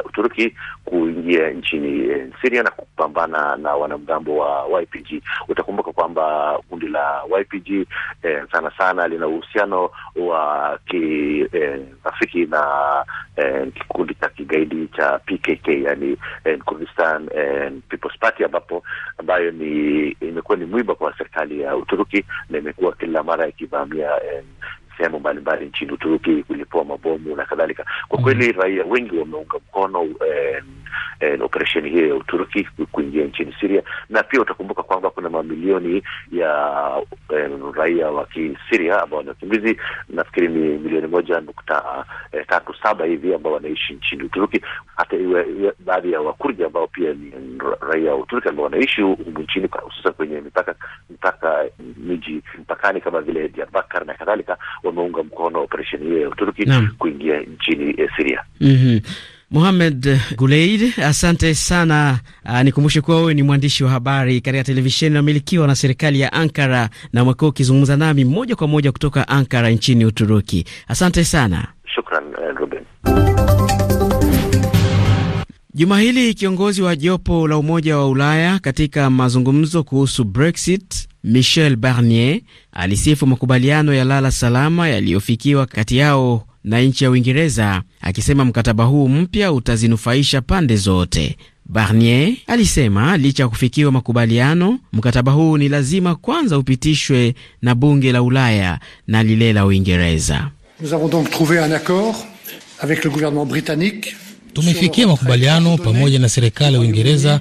uh, Uturuki kuingia nchini eh, Syria na kupambana na wanamgambo wa YPG. Utakumbuka kwamba kundi la YPG eh, sana sana lina uhusiano wa kirafiki eh, na eh, kikundi cha kigaidi cha PKK, yani eh, Kurdistan eh, People's Party, ambapo ambayo ni imekuwa ni mwiba kwa serikali ya Uturuki na imekuwa kila mara ikivamia eh, sehemu mbalimbali nchini Uturuki, kulipua mabomu na kadhalika. Kwa mm. kweli raia wengi wameunga mkono eh, eh, operesheni hiyo ya Uturuki kuingia nchini Siria, na pia utakumbuka kwamba kuna mamilioni ya eh, raia wa Kisiria ambao ni wakimbizi, nafikiri ni milioni moja nukta eh, tatu saba hivi ambao wanaishi nchini Uturuki, hata iwe baadhi ya Wakurdi ambao pia ni raia wa Uturuki ambao wanaishi humu nchini, hususan kwenye mipaka mpaka miji mpakani kama vile Diyarbakar na kadhalika, wameunga mkono operesheni hiyo ya Uturuki kuingia nchini eh, Siria. mm -hmm. Mohamed Guleid, asante sana. Ah, nikumbushe kuwa wewe ni mwandishi wa habari katika televisheni inayomilikiwa na serikali ya Ankara, na umekuwa ukizungumza nami moja kwa moja kutoka Ankara nchini Uturuki. Asante sana. Shukran, eh, Ruben. Juma hili kiongozi wa jopo la Umoja wa Ulaya katika mazungumzo kuhusu Brexit, Michel Barnier alisifu makubaliano ya lala salama yaliyofikiwa kati yao na nchi ya Uingereza, akisema mkataba huu mpya utazinufaisha pande zote. Barnier alisema licha ya kufikiwa makubaliano, mkataba huu ni lazima kwanza upitishwe na bunge la Ulaya na lile la Uingereza. Tumefikia makubaliano pamoja na serikali ya Uingereza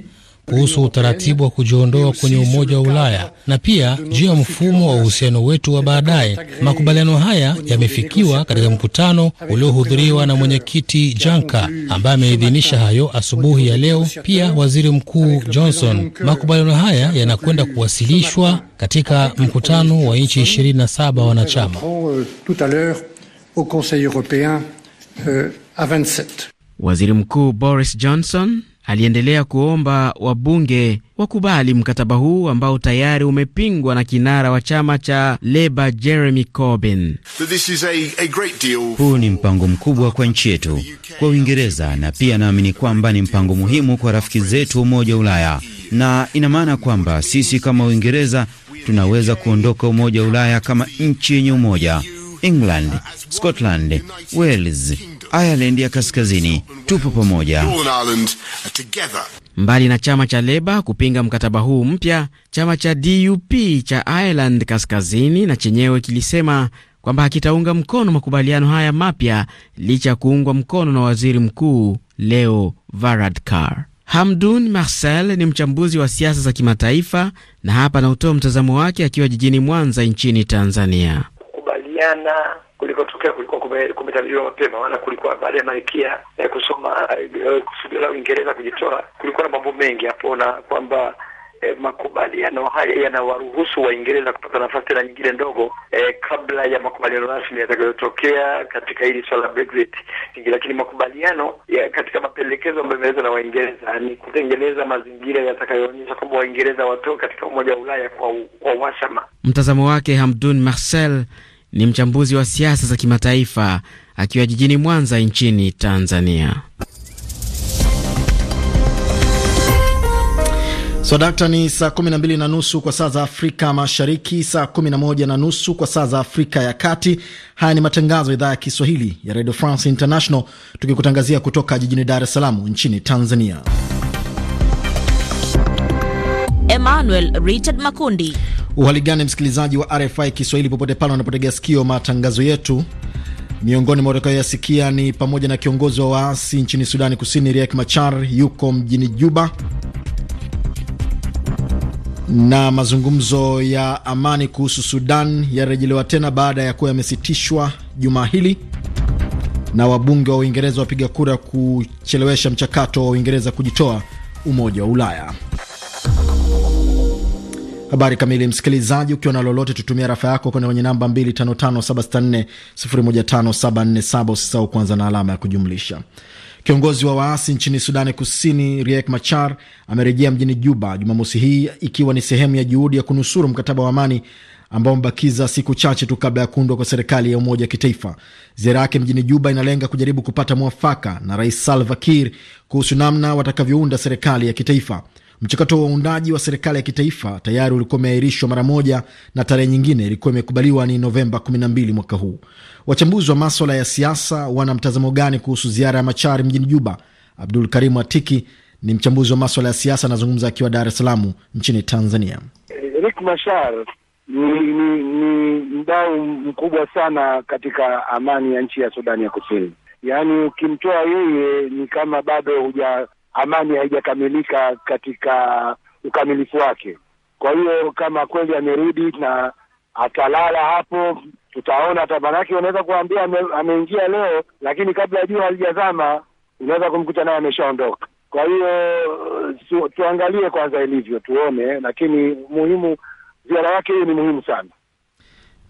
kuhusu utaratibu wa kujiondoa kwenye Umoja wa Ulaya na pia juu ya mfumo wa uhusiano wetu wa baadaye. Makubaliano haya yamefikiwa katika mkutano uliohudhuriwa na mwenyekiti Janka ambaye ameidhinisha hayo asubuhi ya leo, pia waziri mkuu Johnson. Makubaliano haya yanakwenda kuwasilishwa katika mkutano wa nchi 27 wanachama. Euh, waziri Mkuu Boris Johnson aliendelea kuomba wabunge wakubali mkataba huu ambao tayari umepingwa na kinara wa chama cha Leba Jeremy Corbyn. Huu ni mpango mkubwa kwa nchi yetu, kwa Uingereza, na pia naamini kwamba ni mpango muhimu kwa rafiki zetu wa Umoja wa Ulaya, na ina maana kwamba sisi kama Uingereza tunaweza kuondoka Umoja wa Ulaya kama nchi yenye umoja. England, Scotland, Wales Ireland ya Kaskazini. Tupo pamoja. Mbali na chama cha Leba kupinga mkataba huu mpya, chama cha DUP cha Ireland Kaskazini na chenyewe kilisema kwamba hakitaunga mkono makubaliano haya mapya licha ya kuungwa mkono na waziri mkuu leo Varadkar. Hamdun Marcel ni mchambuzi wa siasa za kimataifa na hapa anautoa mtazamo wake akiwa jijini Mwanza nchini Tanzania. Kukubaliana kulikotokea kulikuwa kumetabiliwa mapema, maana kulikuwa baada ya malkia ya eh, kusoma eh, kusudio la Uingereza kujitoa, kulikuwa na mambo mengi hapo na kwamba E, makubaliano haya yanawaruhusu Waingereza kupata nafasi tena nyingine ndogo e, kabla ya makubaliano rasmi yatakayotokea katika hili swala la Brexit. Lakini makubaliano ya katika mapendekezo ambayo yameweza na Waingereza ni kutengeneza mazingira yatakayoonyesha kwamba Waingereza watoke katika Umoja wa Ulaya kwa, kwa wasama. Mtazamo wake Hamdun Marcel ni mchambuzi wa siasa za kimataifa akiwa jijini Mwanza nchini Tanzania. So, dakta ni saa 12 na nusu kwa saa za Afrika Mashariki, saa 11 na nusu kwa saa za Afrika ya Kati. Haya ni matangazo ya idhaa ya Kiswahili ya Radio France International, tukikutangazia kutoka jijini Dar es Salaam nchini Tanzania. Emmanuel Richard Makundi. Uhaligani msikilizaji wa RFI Kiswahili popote pale unapotegea sikio matangazo yetu. Miongoni mwa utakayoyasikia ni pamoja na kiongozi wa waasi nchini Sudani Kusini Riek Machar yuko mjini Juba na mazungumzo ya amani kuhusu Sudan yarejelewa tena baada ya kuwa yamesitishwa jumaa hili, na wabunge wa Uingereza wapiga kura kuchelewesha mchakato wa Uingereza kujitoa Umoja wa Ulaya. Habari kamili, msikilizaji, ukiwa na lolote, tutumia rafa yako kwenda kwenye namba 255764015747. Usisahau kuanza na alama ya kujumlisha. Kiongozi wa waasi nchini Sudani Kusini Riek Machar amerejea mjini Juba Jumamosi hii ikiwa ni sehemu ya juhudi ya kunusuru mkataba wa amani ambao umebakiza siku chache tu kabla ya kuundwa kwa serikali ya umoja wa kitaifa. Ziara yake mjini Juba inalenga kujaribu kupata mwafaka na Rais Salva Kiir kuhusu namna watakavyounda serikali ya kitaifa. Mchakato wa uundaji wa serikali ya kitaifa tayari ulikuwa umeahirishwa mara moja na tarehe nyingine ilikuwa imekubaliwa ni Novemba 12 mwaka huu. Wachambuzi wa maswala ya siasa wana mtazamo gani kuhusu ziara ya Machari mjini Juba? Abdul Karimu Atiki ni mchambuzi wa maswala ya siasa, anazungumza akiwa Dar es Salaam nchini Tanzania. rik mashar ni, ni, ni mdau mkubwa sana katika amani ya nchi ya Sudani ya Kusini. Yaani ukimtoa yeye ni kama bado huja amani haijakamilika katika ukamilifu wake. Kwa hiyo kama kweli amerudi na atalala hapo, tutaona hata, maanake unaweza kuambia ame, ameingia leo, lakini kabla ya jua halijazama unaweza kumkuta naye ameshaondoka. Kwa hiyo su, tuangalie kwanza ilivyo, tuone, lakini muhimu ziara yake hiyo ni muhimu sana.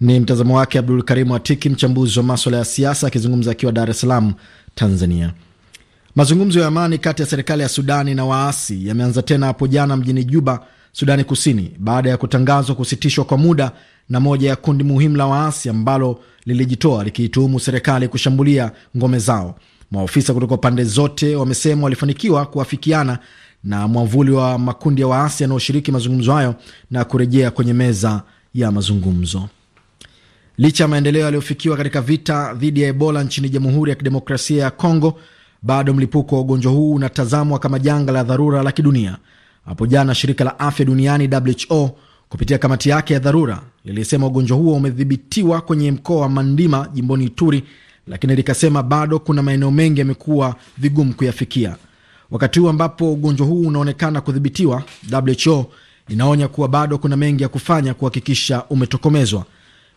Ni mtazamo wake Abdul Karimu Atiki, mchambuzi wa maswala ya siasa, akizungumza akiwa Dar es Salaam, Tanzania. Mazungumzo ya amani kati ya serikali ya Sudani na waasi yameanza tena hapo jana mjini Juba, Sudani Kusini, baada ya kutangazwa kusitishwa kwa muda na moja ya kundi muhimu la waasi ambalo lilijitoa likiituhumu serikali kushambulia ngome zao. Maofisa kutoka pande zote wamesema walifanikiwa kuafikiana na mwavuli wa makundi ya waasi yanayoshiriki mazungumzo hayo na kurejea kwenye meza ya mazungumzo. Licha ya maendeleo yaliyofikiwa katika vita dhidi ya Ebola nchini Jamhuri ya Kidemokrasia ya Kongo, bado mlipuko wa ugonjwa huu unatazamwa kama janga la dharura la kidunia. Hapo jana shirika la afya duniani WHO kupitia kamati yake ya dharura lilisema ugonjwa huo umedhibitiwa kwenye mkoa wa Mandima jimboni Ituri, lakini likasema bado kuna maeneo mengi yamekuwa vigumu kuyafikia. Wakati huu ambapo ugonjwa huu unaonekana kudhibitiwa, WHO inaonya kuwa bado kuna mengi ya kufanya kuhakikisha umetokomezwa.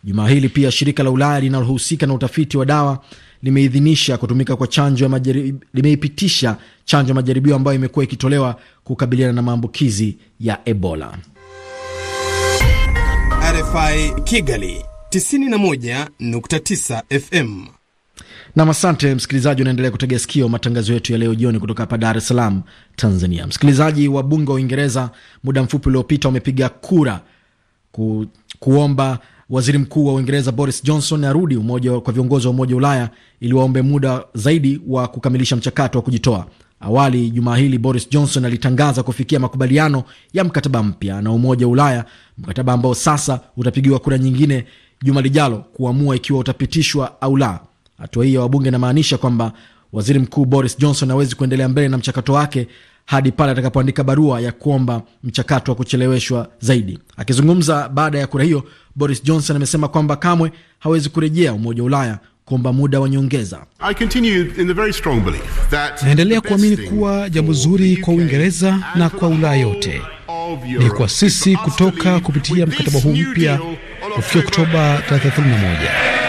Jumaa hili pia shirika la Ulaya linalohusika na utafiti wa dawa limeidhinisha kutumika kwa chanjo ya majaribio, limeipitisha chanjo ya majaribio ambayo imekuwa ikitolewa kukabiliana na maambukizi ya Ebola. RFI Kigali 91.9 FM. Nam, asante msikilizaji, unaendelea kutegea sikio matangazo yetu ya leo jioni kutoka hapa Dar es Salaam, Tanzania. Msikilizaji, wabunge wa Uingereza muda mfupi uliopita wamepiga kura ku, kuomba Waziri Mkuu wa Uingereza Boris Johnson arudi umoja kwa viongozi wa Umoja wa Ulaya ili waombe muda zaidi wa kukamilisha mchakato wa kujitoa. Awali jumaa hili Boris Johnson alitangaza kufikia makubaliano ya mkataba mpya na Umoja wa Ulaya, mkataba ambao sasa utapigiwa kura nyingine juma lijalo kuamua ikiwa utapitishwa au la. Hatua hii ya wabunge inamaanisha kwamba waziri mkuu Boris Johnson hawezi kuendelea mbele na mchakato wake hadi pale atakapoandika barua ya kuomba mchakato wa kucheleweshwa zaidi. Akizungumza baada ya kura hiyo, Boris Johnson amesema kwamba kamwe hawezi kurejea Umoja wa Ulaya kuomba muda wa nyongeza. Naendelea kuamini kuwa jambo zuri kwa Uingereza na kwa Ulaya yote ni kwa sisi kutoka kupitia mkataba huu mpya kufikia Oktoba 31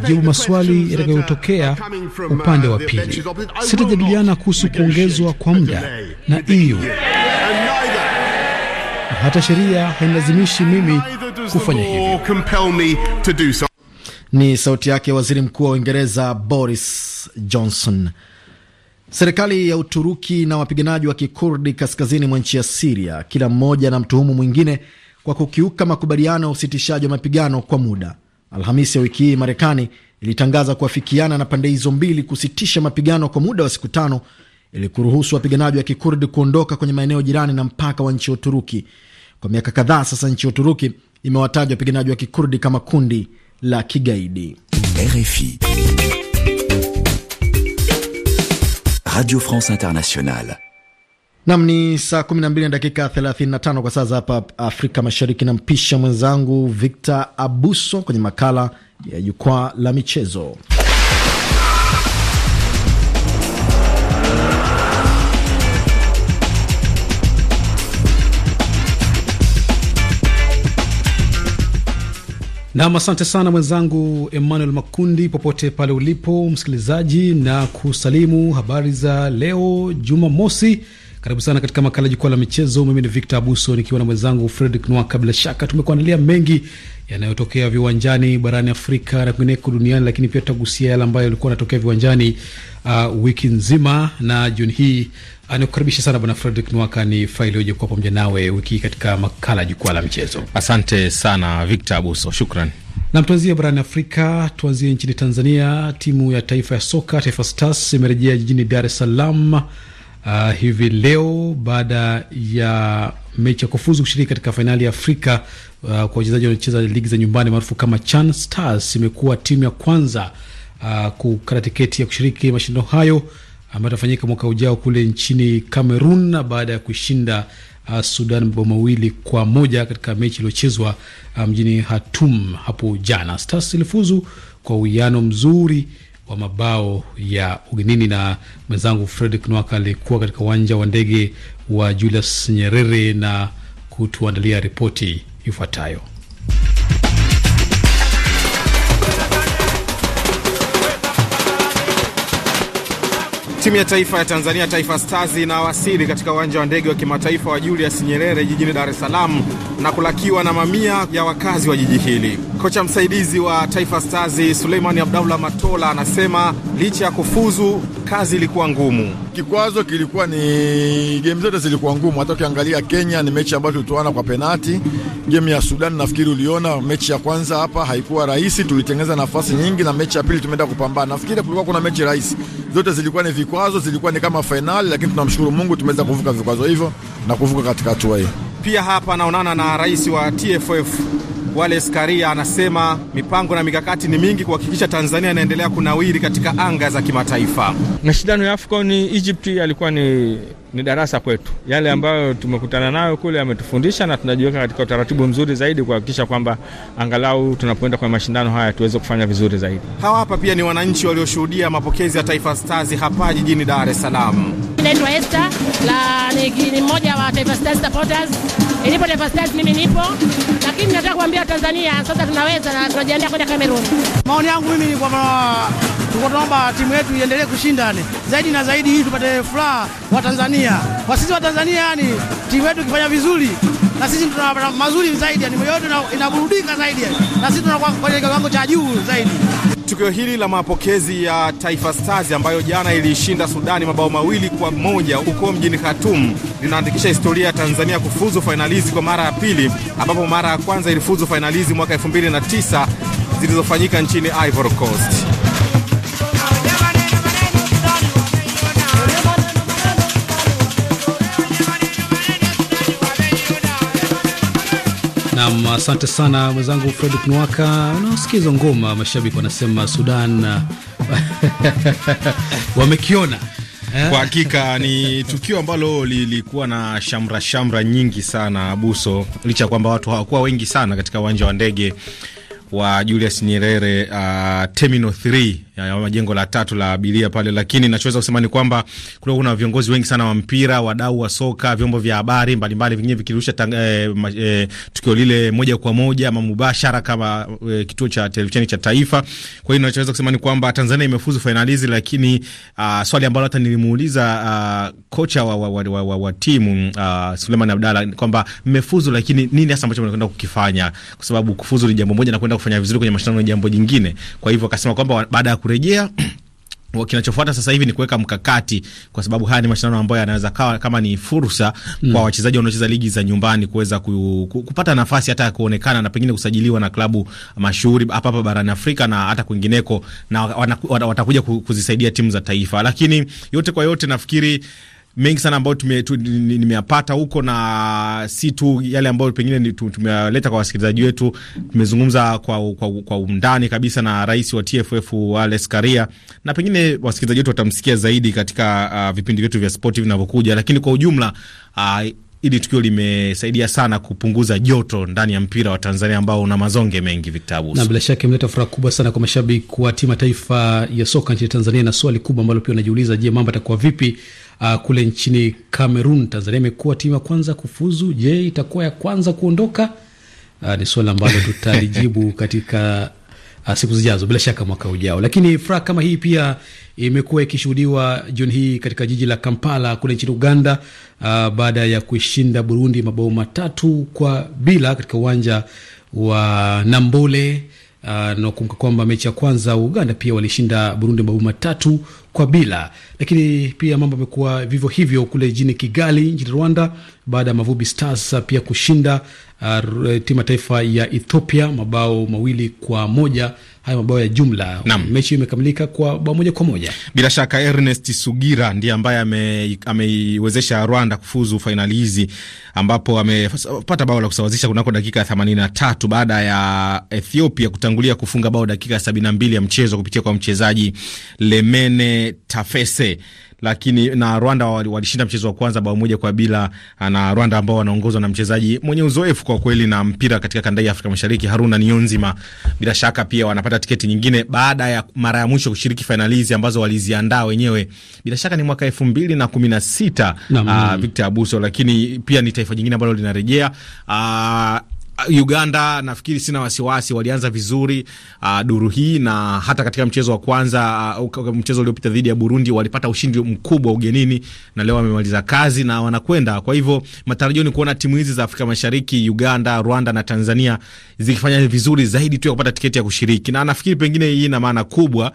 kujibu maswali uh, yatakayotokea uh, upande wa pili. Sitajadiliana kuhusu kuongezwa kwa muda na EU e na hata sheria hainilazimishi mimi kufanya hivyo. Ni sauti yake waziri mkuu wa Uingereza Boris Johnson. Serikali ya Uturuki na wapiganaji wa kikurdi kaskazini mwa nchi ya Siria, kila mmoja na mtuhumu mwingine kwa kukiuka makubaliano ya usitishaji wa mapigano kwa muda. Alhamisi ya wiki hii Marekani ilitangaza kuafikiana na pande hizo mbili kusitisha mapigano kwa muda wa siku tano ili kuruhusu wapiganaji wa kikurdi kuondoka kwenye maeneo jirani na mpaka wa nchi ya Uturuki. Kwa miaka kadhaa sasa, nchi ya Uturuki imewataja wapiganaji wa kikurdi kama kundi la kigaidi. RFI Radio France Internationale Nam ni saa 12 na dakika 35 kwa saa za hapa Afrika Mashariki. Nampisha mwenzangu Victor Abuso kwenye makala ya jukwaa la michezo. Nam, asante sana mwenzangu Emmanuel Makundi, popote pale ulipo msikilizaji, na kusalimu habari za leo Jumamosi karibu sana katika makala jukwaa la michezo. Mimi ni Victor Abuso nikiwa na mwenzangu Fredrick Noa. Bila shaka tumekuandalia mengi yanayotokea viwanjani barani Afrika na kwingineko duniani, lakini pia tutagusia yale ambayo yalikuwa yanatokea viwanjani uh, wiki nzima na jioni hii uh, Nikukaribisha sana bwana Fredrick Nwaka. Ni faili iliyoje kuwa pamoja nawe wiki hii katika makala jukwaa la mchezo. Asante sana Victor Abuso, shukran. Nam, tuanzie barani Afrika, tuanzie nchini Tanzania. Timu ya taifa ya soka Taifa Stars imerejea jijini Dar es Salaam uh, hivi leo baada ya mechi ya kufuzu kushiriki katika fainali ya Afrika uh, kwa wachezaji wanaocheza ligi za nyumbani maarufu kama Chan Stars imekuwa timu ya kwanza uh, ah, kukata tiketi ya kushiriki mashindano hayo ambayo tafanyika mwaka ujao kule nchini Cameroon baada ya kushinda uh, Sudan mabao mawili kwa moja katika mechi iliyochezwa mjini um, Hatum hapo jana. Stars ilifuzu kwa uwiano mzuri wa mabao ya ugenini, na mwenzangu Fredrick Nwaka alikuwa katika uwanja wa ndege wa Julius Nyerere na kutuandalia ripoti ifuatayo. Timu ya taifa ya Tanzania, Taifa Stars, inawasili katika uwanja wa ndege wa kimataifa wa Julius Nyerere jijini Dar es Salaam na kulakiwa na mamia ya wakazi wa jiji hili. Kocha msaidizi wa Taifa Stars Suleimani Abdallah Matola anasema licha ya kufuzu, kazi ilikuwa ngumu. Kikwazo kilikuwa ni game zote zilikuwa ngumu. Hata ukiangalia Kenya ni mechi ambayo tulitoana kwa penati. Game ya Sudan nafikiri uliona mechi ya kwanza hapa haikuwa rahisi, tulitengeneza nafasi nyingi, na mechi ya pili tumeenda kupambana. Nafikiri kulikuwa kuna mechi rahisi, zote zilikuwa ni vikwazo zilikuwa ni kama fainali, lakini tunamshukuru Mungu tumeweza kuvuka vikwazo hivyo na kuvuka katika hatua hii. Pia hapa anaonana na rais wa TFF wale Karia anasema mipango na mikakati ni mingi kuhakikisha Tanzania inaendelea kunawiri katika anga za kimataifa. Mashindano ya AFCON Egypt yalikuwa ni, ni darasa kwetu. Yale ambayo tumekutana nayo kule ametufundisha na tunajiweka katika utaratibu mzuri zaidi kuhakikisha kwamba angalau tunapoenda kwenye mashindano haya tuweze kufanya vizuri zaidi. Hawa hapa pia ni wananchi walioshuhudia mapokezi ya Taifa Stars hapa jijini Dar es Salaam. Naitwa Esther la ni mmoja wa Taifa Stars supporters. Ilipo Taifa Stars mimi nipo, lakini nataka kuambia Tanzania sasa tunaweza na tunajiandaa kwenda Cameroon. Maoni yangu mimi ni kwamba tulikuwa tunaomba timu yetu iendelee kushindane zaidi na zaidi, hii tupate furaha wa Tanzania, kwa sisi wa Tanzania, yani timu yetu ikifanya vizuri na sisi tunapata mazuri zaidi, yani moyo wetu inaburudika zaidi, na sisi tunakuwa kwenye kiwango cha juu zaidi tukio hili la mapokezi ya Taifa Stars ambayo jana iliishinda Sudani mabao mawili kwa moja huko mjini Khartoum linaandikisha historia ya Tanzania kufuzu fainalizi kwa mara ya pili, ambapo mara ya kwanza ilifuzu fainalizi mwaka 2009 zilizofanyika nchini Ivory Coast. Nam, asante sana mwenzangu Fredrick Nwaka. Unaosikiza ngoma, mashabiki wanasema Sudan wamekiona eh? kwa hakika ni tukio ambalo lilikuwa na shamra shamra nyingi sana Buso, licha ya kwamba watu hawakuwa wengi sana katika uwanja wa ndege wa Julius Nyerere uh, Terminal 3 ya jengo la tatu la abiria pale, lakini nachoweza kusema ni kwamba kulikuwa kuna viongozi wengi sana wa mpira, wadau wa soka, vyombo vya habari mbalimbali, vingine vikirusha eh, eh, tukio lile moja kwa moja ama mubashara kama eh, kituo cha televisheni cha taifa. Kwa hiyo nachoweza kusema ni kwamba Tanzania imefuzu fainali hizi, lakini uh, swali ambalo hata nilimuuliza uh, kocha wa, wa, wa, wa, wa, wa timu uh, Suleiman Abdalla kwamba mmefuzu, lakini nini hasa ambacho mnakwenda kukifanya, kwa sababu kufuzu ni jambo moja na kwenda kufanya vizuri kwenye mashindano ni jambo jingine. Kwa hivyo akasema kwamba baada ya kurejea kinachofuata sasa hivi ni kuweka mkakati, kwa sababu haya ni mashindano ambayo yanaweza kawa kama ni fursa mm, kwa wachezaji wanaocheza ligi za nyumbani kuweza ku, ku, kupata nafasi hata ya kuonekana na pengine kusajiliwa na klabu mashuhuri hapa hapa barani Afrika na hata kwingineko, na watakuja kuzisaidia timu za taifa. Lakini yote kwa yote, nafikiri mengi sana ambayo nimeyapata huko, na si tu yale ambayo pengine tumeleta kwa wasikilizaji wetu. Tumezungumza kwa, kwa, kwa undani kabisa na rais wa TFF Alex Karia, na pengine wasikilizaji wetu watamsikia zaidi katika uh, vipindi vyetu vya spoti vinavyokuja, lakini kwa ujumla uh, hili tukio limesaidia sana kupunguza joto ndani ya mpira wa Tanzania ambao una mazonge mengi. Victor Abuso, na bila shaka imeleta furaha kubwa sana kwa mashabiki wa timu taifa ya soka nchini Tanzania, na swali kubwa ambalo pia unajiuliza, je, mambo atakuwa vipi uh, kule nchini Cameroon. Tanzania imekuwa timu ya kwanza kufuzu. Je, itakuwa ya kwanza kuondoka? Uh, ni suala ambalo tutalijibu katika uh, siku zijazo, bila shaka mwaka ujao. Lakini furaha kama hii pia imekuwa ikishuhudiwa jioni hii katika jiji la Kampala kule nchini Uganda, uh, baada ya kuishinda Burundi mabao matatu kwa bila katika uwanja wa Nambole. Uh, nakumbuka kwamba mechi ya kwanza Uganda pia walishinda Burundi mabao matatu kwa bila. Lakini pia mambo yamekuwa vivyo hivyo kule jijini Kigali nchini Rwanda baada ya Mavubi Stars pia kushinda uh, eh, timu ya taifa ya Ethiopia mabao mawili kwa moja. Haya mabao ya jumla, mechi imekamilika kwa bao moja kwa moja. Bila shaka Ernest Sugira ndiye ambaye ameiwezesha ame Rwanda kufuzu fainali hizi, ambapo amepata bao la kusawazisha kunako dakika ya themanini na tatu baada ya Ethiopia kutangulia kufunga bao dakika ya sabini na mbili ya mchezo kupitia kwa mchezaji Lemene Tafese lakini na Rwanda walishinda mchezo wa kwanza bao moja kwa bila, ah, na Rwanda ambao wanaongozwa na mchezaji mwenye uzoefu kwa kweli na mpira katika kanda ya Afrika Mashariki Haruna Nionzima, Bila shaka pia wanapata tiketi nyingine baada ya mara ya mwisho kushiriki fainali hizi ambazo waliziandaa wenyewe, bila shaka ni mwaka sita, ah, Victor Abuso, lakini pia ni taifa jingine ambalo linarejea ah, Uh, Uganda nafikiri sina wasiwasi, walianza vizuri uh, duru hii na hata katika mchezo wa kwanza uh, mchezo uliopita dhidi ya Burundi walipata ushindi mkubwa ugenini na leo wamemaliza kazi na wanakwenda. Kwa hivyo matarajio ni kuona timu hizi za Afrika Mashariki, Uganda, Rwanda na Tanzania zikifanya vizuri zaidi tu ya kupata tiketi ya kushiriki, na nafikiri pengine hii ina maana kubwa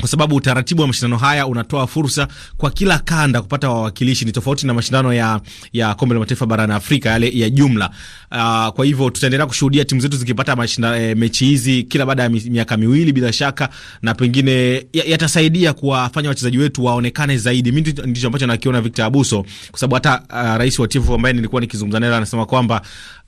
kwa sababu utaratibu wa mashindano haya unatoa fursa kwa kila kanda kupata wawakilishi. Ni tofauti na mashindano ya, ya kombe la mataifa barani Afrika yale ya jumla. Uh, kwa hivyo tutaendelea kushuhudia timu zetu zikipata mashinda, e, eh, mechi hizi kila baada ya miaka miwili bila shaka, na pengine yatasaidia ya kuwafanya wachezaji wetu waonekane zaidi. Mimi ndicho ambacho nakiona Victor Abuso, kwa sababu hata uh, rais wa TFF ambaye nilikuwa nikizungumza naye anasema kwamba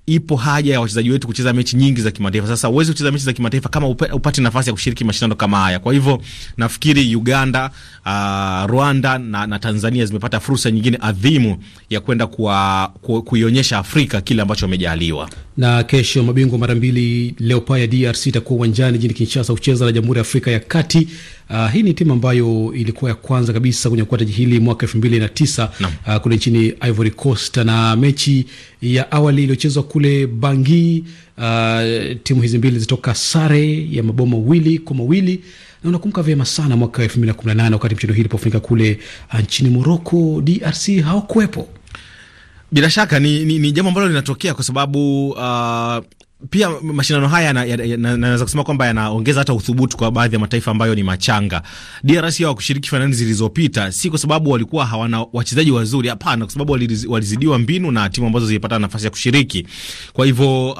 ipo haja ya wachezaji wetu kucheza mechi nyingi za kimataifa. Sasa huwezi kucheza mechi za kimataifa kama upate nafasi ya kushiriki mashindano kama haya. Kwa hivyo nafikiri Uganda uh, Rwanda na, na Tanzania zimepata fursa nyingine adhimu ya kwenda kuionyesha Afrika kile ambacho wamejaliwa. Na kesho mabingwa mara mbili Leopards ya DRC itakuwa uwanjani jini Kinshasa kucheza na Jamhuri ya Afrika ya Kati. Uh, hii ni timu ambayo ilikuwa ya kwanza kabisa kunyakua taji hili mwaka elfu mbili na tisa uh, kule nchini Ivory Coast, na mechi ya awali iliyochezwa kule Bangui, uh, timu hizi mbili zitoka sare ya mabao mawili kwa mawili na unakumbuka vyema sana mwaka elfu mbili na kumi na nane wakati mchezo hii ilipofanyika kule uh, nchini Moroko, DRC hawakuwepo. Bila shaka ni, ni, ni jambo ambalo linatokea kwa sababu uh, pia mashindano haya naweza kusema kwamba yanaongeza hata uthubutu kwa baadhi ya mataifa ambayo ni machanga. DRC hawakushiriki fainali zilizopita, si kwa sababu walikuwa hawana wachezaji wazuri, hapana, kwa sababu walizidiwa mbinu na timu ambazo zilipata nafasi ya kushiriki. Kwa hivyo uh,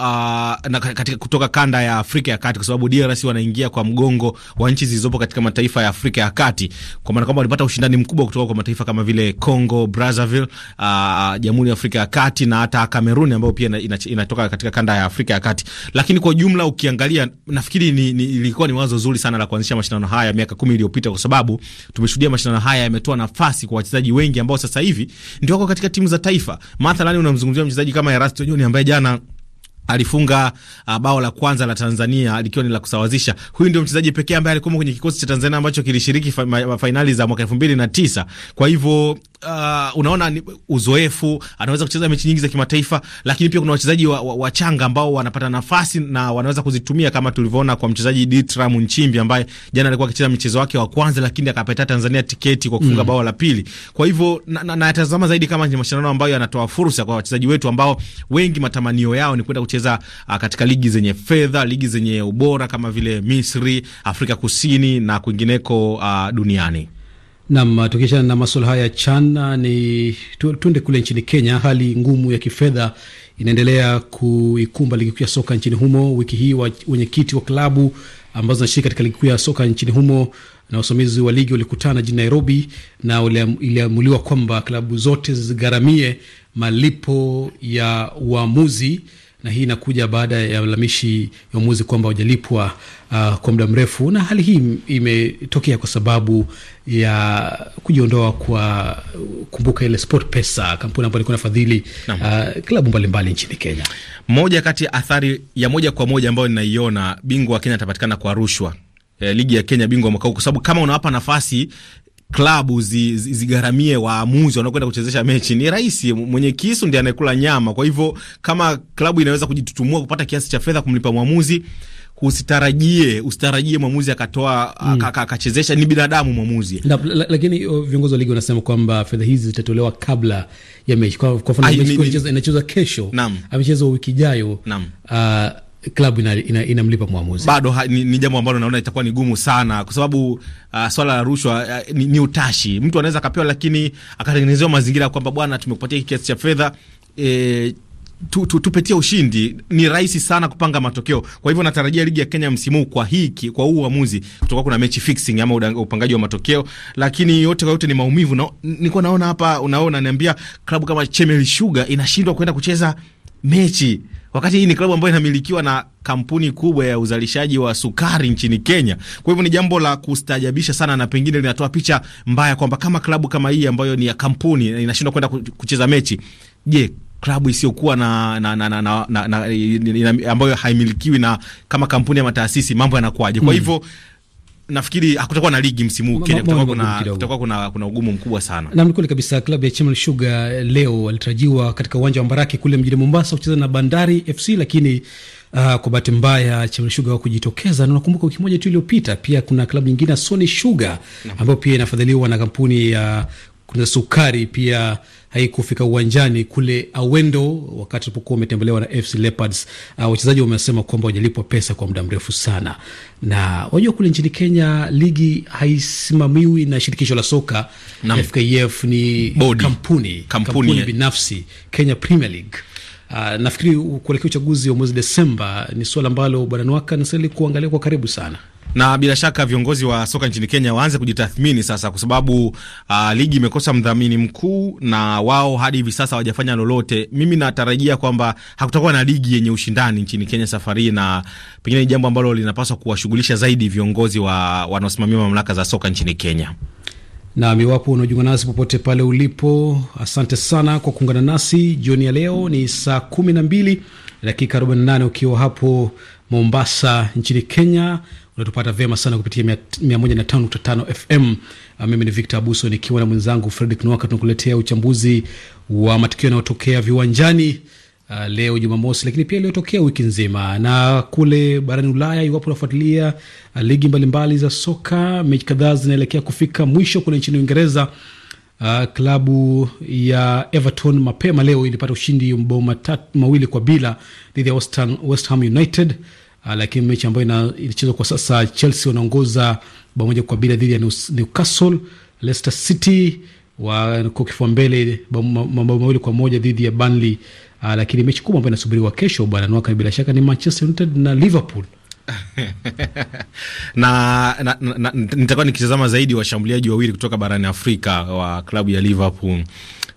na katika kutoka kanda ya Afrika ya Kati, kwa sababu DRC wanaingia kwa mgongo wa nchi zilizopo katika mataifa ya Afrika ya Kati, kwa maana kwamba walipata ushindani mkubwa kutoka kwa mataifa kama vile Congo Brazzaville, uh, Jamhuri ya Afrika ya Kati na hata Kamerun ambayo pia inatoka katika kanda ya Afrika ya Kati wakati. Lakini kwa jumla ukiangalia, nafikiri ni, ni, ilikuwa ni wazo zuri sana la kuanzisha mashindano haya miaka kumi iliyopita, kwa sababu tumeshuhudia mashindano haya yametoa nafasi kwa wachezaji wengi ambao sasa hivi ndio wako katika timu za taifa. Mathalani unamzungumzia mchezaji kama Erasto Joni ambaye jana alifunga uh, bao la kwanza la Tanzania likiwa ni la kusawazisha. Huyu ndio mchezaji pekee ambaye alikuwa kwenye kikosi cha Tanzania ambacho kilishiriki fa, fainali za mwaka elfu mbili na tisa. Kwa hivyo uh, unaona ni uzoefu, anaweza kucheza mechi nyingi za kimataifa, lakini pia kuna wachezaji wachanga wa, wa ambao wanapata nafasi na wanaweza kuzitumia kama tulivyoona kwa mchezaji Ditram Nchimbi ambaye jana alikuwa akicheza mchezo wake wa kwanza, lakini akapata Tanzania tiketi kwa kufunga mm. bao la pili. Kwa hivyo natazama na, na zaidi kama ni mashindano ambayo yanatoa fursa kwa wachezaji wetu ambao wengi matamanio yao ni kwenda kucheza uh, katika ligi zenye fedha, ligi zenye ubora kama vile Misri, Afrika Kusini na kwingineko uh, duniani. Nam, tukiachana na maswala haya chana ni tuende kule nchini Kenya. Hali ngumu ya kifedha inaendelea kuikumba ligi kuu ya soka nchini humo. Wiki hii wenyekiti wa klabu ambazo zinashiriki katika ligi kuu ya soka nchini humo na wasimamizi wa ligi walikutana jijini Nairobi na iliamuliwa kwamba klabu zote zigharamie malipo ya uamuzi na hii inakuja baada ya lalamishi ya uamuzi kwamba hujalipwa uh, kwa muda mrefu, na hali hii imetokea kwa sababu ya kujiondoa kwa kumbuka ile Pesa, kampuni ambayo ilikuwa inafadhili uh, klabu mbalimbali nchini Kenya. Moja kati ya athari ya moja kwa moja ambayo ninaiona, bingwa wa Kenya atapatikana kwa rushwa eh, ligi ya Kenya bingwa mwaka huu, kwa sababu kama unawapa nafasi klabu zigharamie zi, zi waamuzi wanaokwenda kuchezesha mechi. Ni rahisi, mwenye kisu ndiye anayekula nyama. Kwa hivyo kama klabu inaweza kujitutumua kupata kiasi cha fedha kumlipa mwamuzi Usitarajie, usitarajie mwamuzi akatoa mm, akachezesha. Ni binadamu mwamuzi, lakini uh, viongozi wa ligi wanasema kwamba fedha hizi zitatolewa kabla ya mechi. Kwa mfano, mechi inachezwa kesho, amechezwa wiki ijayo uh, klabu inamlipa ina, ina mwamuzi bado ha, ni, ni jambo ambalo naona itakuwa ni gumu sana kwa sababu uh, swala la rushwa uh, ni, ni utashi. Mtu anaweza akapewa, lakini akatengenezewa mazingira kwamba bwana, tumekupatia kiasi cha fedha e, tu, tu, tupetia ushindi. Ni rahisi sana kupanga matokeo. Kwa hivyo natarajia ligi ya Kenya msimu kwa hiki kwa huu uamuzi kutoka kuna mechi fixing ama upangaji wa matokeo, lakini yote kwa yote ni maumivu na, niko naona hapa, unaona niambia klabu kama Chemelil Sugar inashindwa kwenda kucheza mechi wakati hii ni klabu ambayo inamilikiwa na kampuni kubwa ya uzalishaji wa sukari nchini Kenya. Kwa hivyo ni jambo la kustajabisha sana, na pengine linatoa picha mbaya kwamba kama klabu kama hii ambayo ni ya kampuni inashindwa kwenda kucheza mechi, je, klabu isiyokuwa na, na, na, na, na, na, na, na, ambayo haimilikiwi na kama kampuni ama taasisi, mambo yanakuwaje? Kwa hmm. hivyo mm nafikiri hakutakuwa na ligi msimu huu Kenya, kutakuwa kuna, kutakuwa kuna, kuna ugumu mkubwa sana. Naam, ni kweli kabisa. Klabu ya Chimel Sugar eh, leo walitarajiwa katika uwanja wa Mbaraki kule mjini Mombasa kucheza na Bandari FC, lakini uh, kwa bahati mbaya Chimel Sugar hawakujitokeza, na nakumbuka wiki moja tu iliyopita pia kuna klabu nyingine Sony Sugar ambayo pia inafadhiliwa na kampuni ya uh, kuna sukari pia haikufika uwanjani kule Awendo wakati alipokuwa umetembelewa na FC Leopards. Uh, wachezaji wamesema kwamba wajalipwa pesa kwa muda mrefu sana, na wajua kule nchini Kenya ligi haisimamiwi na shirikisho la soka FKF, ni kampuni, kampuni, kampuni binafsi Kenya Premier League. Uh, nafikiri kuelekea uchaguzi wa mwezi Desemba ni suala ambalo bwana Nwaka nastahili kuangalia kwa karibu sana na bila shaka viongozi wa soka nchini Kenya waanze kujitathmini sasa, kwa sababu uh, ligi imekosa mdhamini mkuu na wao hadi hivi sasa hawajafanya lolote. Mimi natarajia kwamba hakutakuwa na ligi yenye ushindani nchini Kenya safari, na pengine ni jambo ambalo linapaswa kuwashughulisha zaidi viongozi wa wanaosimamia mamlaka za soka nchini Kenya. Na iwapo unajiunga nasi popote pale ulipo, asante sana kwa kuungana nasi jioni ya leo. Ni saa kumi na mbili dakika 48 ukiwa hapo Mombasa nchini Kenya unatupata vyema sana kupitia 105.5 FM. Ah, mimi ni Victor Abuso nikiwa na mwenzangu Fredrick Nwaka, tunakuletea uchambuzi wa matukio yanayotokea viwanjani Uh, leo Jumamosi, lakini pia iliyotokea wiki nzima na kule barani Ulaya. Iwapo unafuatilia uh, ligi mbalimbali mbali za soka, mechi kadhaa zinaelekea kufika mwisho. Kule nchini Uingereza, uh, klabu ya Everton mapema leo ilipata ushindi mabao mawili kwa bila dhidi ya West Ham United uh, lakini mechi ambayo inachezwa kwa sasa, Chelsea wanaongoza bao moja kwa bila dhidi ya Newcastle. Leicester City wako kifua mbele mabao mawili kwa moja dhidi ya Burnley. Uh, lakini mechi kubwa ambayo inasubiriwa kesho bwana Nwaka, bila shaka ni Manchester United na Liverpool. na, na, na, na nitakuwa nikitazama zaidi washambuliaji wawili kutoka barani Afrika wa klabu ya Liverpool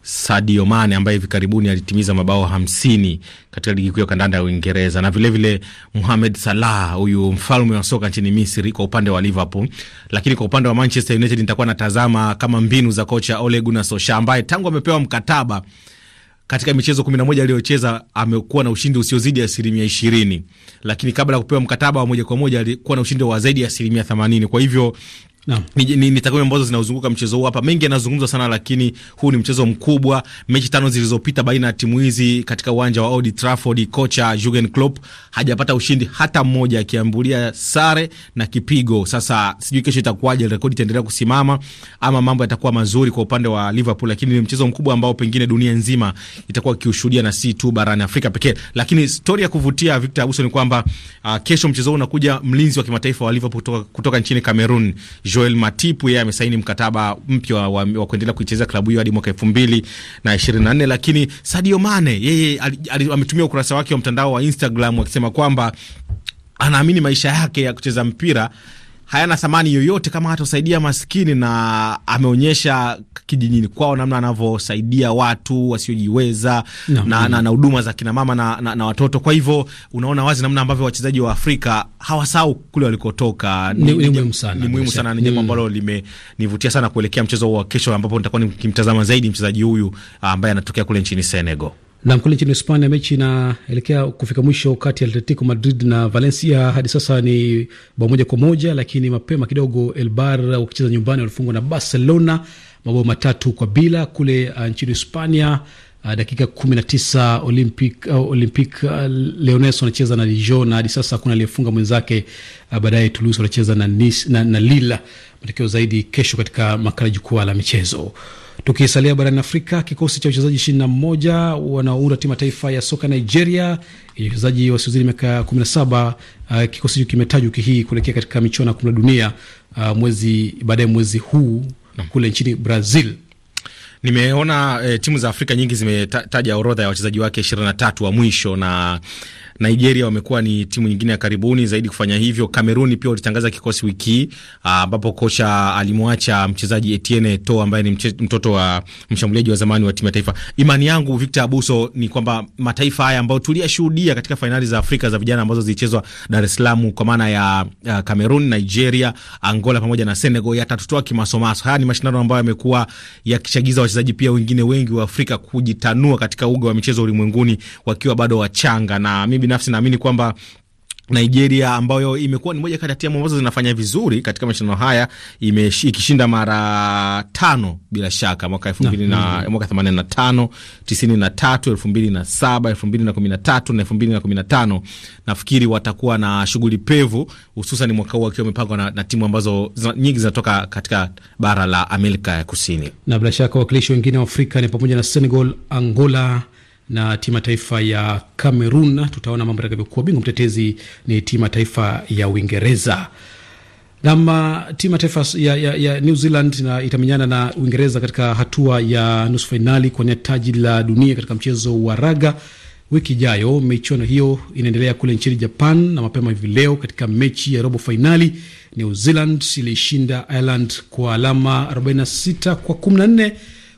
Sadio Mane ambaye hivi karibuni alitimiza mabao hamsini katika ligi kuu ya kandanda ya Uingereza, na vilevile Mohamed Salah, huyu mfalme wa soka nchini Misri kwa upande wa Liverpool. Lakini kwa upande wa Manchester United nitakuwa natazama kama mbinu za kocha Ole Gunnar Solskjaer ambaye tangu amepewa mkataba katika michezo 11 aliyocheza amekuwa na ushindi usiozidi asilimia ishirini, lakini kabla ya kupewa mkataba wa moja kwa moja alikuwa na ushindi wa zaidi ya asilimia themanini. Kwa hivyo ni, ni, takwimu ambazo zinauzunguka mchezo huu hapa. Mengi yanazungumzwa sana, lakini huu ni mchezo mkubwa. Mechi tano zilizopita baina ya timu hizi katika uwanja wa Old Trafford, kocha Jurgen Klopp hajapata ushindi hata mmoja, akiambulia sare na kipigo. Sasa sijui kesho itakuwaje, rekodi itaendelea kusimama ama mambo yatakuwa mazuri kwa upande wa Liverpool, lakini ni mchezo mkubwa ambao pengine dunia nzima itakuwa ikiushuhudia na si tu barani Afrika pekee. Lakini stori ya kuvutia Victor Abuso ni kwamba uh, kesho mchezo huu unakuja mlinzi wa kimataifa wa Liverpool kutoka, kutoka nchini Cameroon Joel Matipu yeye amesaini mkataba mpya wa, wa, wa kuendelea kuicheza klabu hiyo hadi mwaka 2024, lakini Sadio Mane yeye ametumia ukurasa wake wa mtandao wa Instagram akisema kwamba anaamini maisha yake ya kucheza mpira hayana thamani yoyote kama hatasaidia maskini, na ameonyesha kijijini kwao namna anavyosaidia watu wasiojiweza no, na huduma na, huduma za kinamama na, na, na watoto. Kwa hivyo unaona wazi namna ambavyo wachezaji wa Afrika hawasahau kule walikotoka. Ni, ni, muhimu sana, ni muhimu sana, ni jambo mm. ambalo limenivutia sana kuelekea mchezo wa kesho, ambapo nitakuwa nikimtazama zaidi mchezaji huyu ambaye anatokea kule nchini Senegal. Nam, kule nchini Hispania, mechi inaelekea kufika mwisho kati ya Atletico Madrid na Valencia. Hadi sasa ni bao moja kwa moja, lakini mapema kidogo Elbar wakicheza nyumbani walifungwa na Barcelona mabao matatu kwa bila. Kule uh, nchini Hispania uh, dakika kumi na tisa Olympic, uh, Olympic uh, Leones wanacheza na Dijon na hadi sasa hakuna aliyefunga mwenzake. Uh, baadaye Toulouse wanacheza na, na, na Lille. Matokeo zaidi kesho katika makala jukwaa la michezo. Tukisalia barani Afrika, kikosi cha wachezaji ishirini na mmoja wanaounda timu taifa ya soka Nigeria yenye wachezaji wasiozidi miaka kumi na saba uh, kikosi hicho kimetajwa wiki hii kuelekea katika michuano ya kombe la dunia uh, mwezi baadaye mwezi huu no. kule nchini Brazil. Nimeona eh, timu za Afrika nyingi zimetaja orodha ya wachezaji wake ishirini na tatu wa mwisho na Nigeria wamekuwa ni timu nyingine ya karibuni zaidi kufanya hivyo. Kameruni pia walitangaza kikosi wiki hii ah, ambapo kocha alimwacha mchezaji Etienne To ambaye ni mtoto wa mshambuliaji wa zamani wa timu ya taifa. Imani yangu Victor Abuso ni kwamba mataifa haya ambayo tuliyashuhudia katika fainali za Afrika za vijana ambazo zilichezwa Dar es Salaam kwa maana ya Kamerun, Nigeria, Angola pamoja na Senegal yatatutoa kimasomaso. Haya ni mashindano ambayo yamekuwa yakichagiza wachezaji pia wengine wengi wa Afrika kujitanua katika uga wa michezo ulimwenguni wakiwa bado wachanga na mimi binafsi naamini kwamba Nigeria ambayo imekuwa ni moja kati ya timu ambazo zinafanya vizuri katika mashindano haya ikishinda mara tano bila shaka mwaka elfu mbili na mm-hmm. mwaka themanini na tano tisini na tatu elfu mbili na saba elfu mbili na kumi na tatu na elfu mbili na kumi na tano Nafikiri watakuwa na shughuli pevu, hususan mwaka huu wakiwa wamepangwa na, na timu ambazo zina, nyingi zinatoka katika bara la Amerika ya Kusini, na bila shaka wawakilishi wengine wa Afrika ni pamoja na Senegal, Angola na timu ya taifa ya Cameroon. Tutaona mambo yatakavyokuwa. Bingwa mtetezi ni timu ya taifa ya Uingereza. nam uh, timu ya taifa ya, ya, ya New Zealand na itamenyana na Uingereza katika hatua ya nusu fainali kuwania taji la dunia katika mchezo wa raga wiki ijayo. Michuano hiyo inaendelea kule nchini Japan, na mapema hivi leo katika mechi ya robo fainali New Zealand ilishinda Ireland kwa alama 46 kwa 14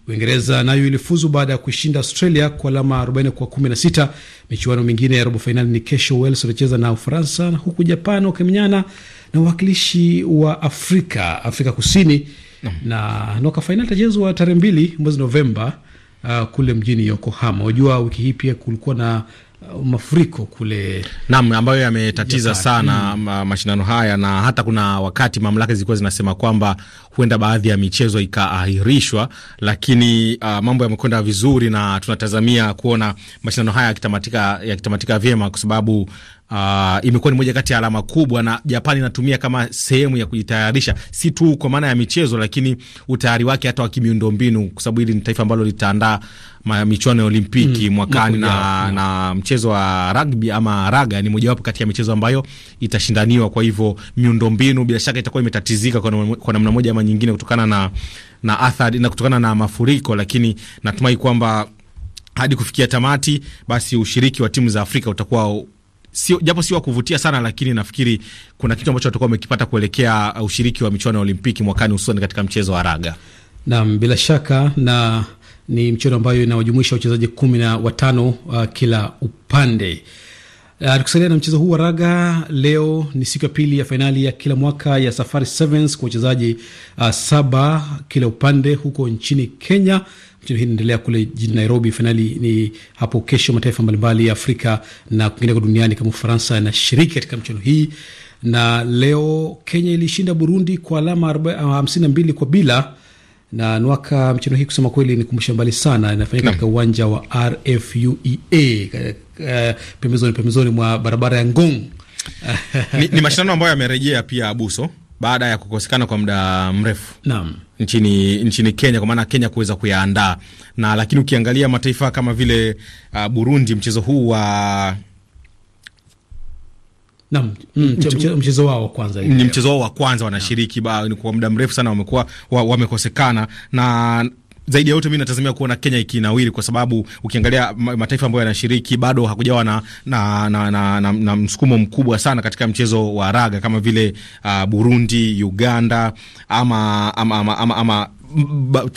Uingereza nayo ilifuzu baada ya kuishinda Australia kwa alama 40 kwa 16. Michuano mingine ya robo fainali ni kesho, Wales watacheza na Ufaransa, huku Japan wakimenyana na uwakilishi wa Afrika, Afrika Kusini na noka fainali itachezwa tarehe mbili mwezi Novemba uh, kule mjini Yokohama. Unajua wiki hii pia kulikuwa na Uh, mafuriko kule nam ambayo yametatiza sana mm, mashindano haya na hata kuna wakati mamlaka zilikuwa zinasema kwamba huenda baadhi ya michezo ikaahirishwa, lakini uh, mambo yamekwenda vizuri na tunatazamia kuona mashindano haya yakitamatika, yakitamatika vyema kwa sababu uh, imekuwa ni moja kati ya alama kubwa, na Japani inatumia kama sehemu ya kujitayarisha, si tu kwa maana ya michezo, lakini utayari wake hata wa kimiundombinu, kwa sababu hili ni taifa ambalo litaandaa michuano ya Olimpiki mm, mwakani na, na, mm. na mchezo wa rugby ama raga ni mojawapo kati ya michezo ambayo itashindaniwa. Kwa hivyo miundombinu bila shaka itakuwa imetatizika kwa namna moja ama nyingine kutokana na, na athari na kutokana na mafuriko, lakini natumai kwamba hadi kufikia tamati basi ushiriki wa timu za Afrika utakuwa sio japo sio kuvutia sana, lakini nafikiri kuna kitu ambacho watakuwa wamekipata kuelekea uh, ushiriki wa michuano ya Olimpiki mwakani, hususan katika mchezo wa raga. Naam, bila shaka na ni mchezo ambayo inawajumuisha wachezaji kumi na watano uh, kila upande. Uh, tukisalia na mchezo huu wa raga, leo ni siku ya pili ya fainali ya kila mwaka ya Safari Sevens kwa wachezaji uh, saba kila upande huko nchini Kenya mchezo hii inaendelea kule jijini Nairobi. Fainali ni hapo kesho. Mataifa mbalimbali ya Afrika na kwingineko duniani kama Ufaransa yanashiriki katika mchezo hii. Na leo Kenya ilishinda Burundi kwa alama 52 ah, kwa bila na nwaka mchezo hii kusema kweli ni kumbusha mbali sana, inafanyika katika uwanja wa RFUEA eh, pembezoni pembezoni mwa barabara ya Ngong. Ni, ni mashindano ambayo yamerejea pia abuso baada ya kukosekana kwa muda mrefu. Naam nchini, nchini Kenya kwa maana Kenya kuweza kuyaandaa na, lakini ukiangalia mataifa kama vile uh, Burundi mchezo huu wa mm, mchezo wao kwanza ni mchezo wao wa kwanza wanashiriki, Kwa muda mrefu sana wamekuwa wamekosekana na zaidi ya yote mimi natazamia kuona Kenya ikinawiri kwa sababu ukiangalia mataifa ambayo yanashiriki bado hakujawa na, na, na, na, na, na msukumo mkubwa sana katika mchezo wa raga kama vile uh, Burundi, Uganda ama, ama, ama, ama, ama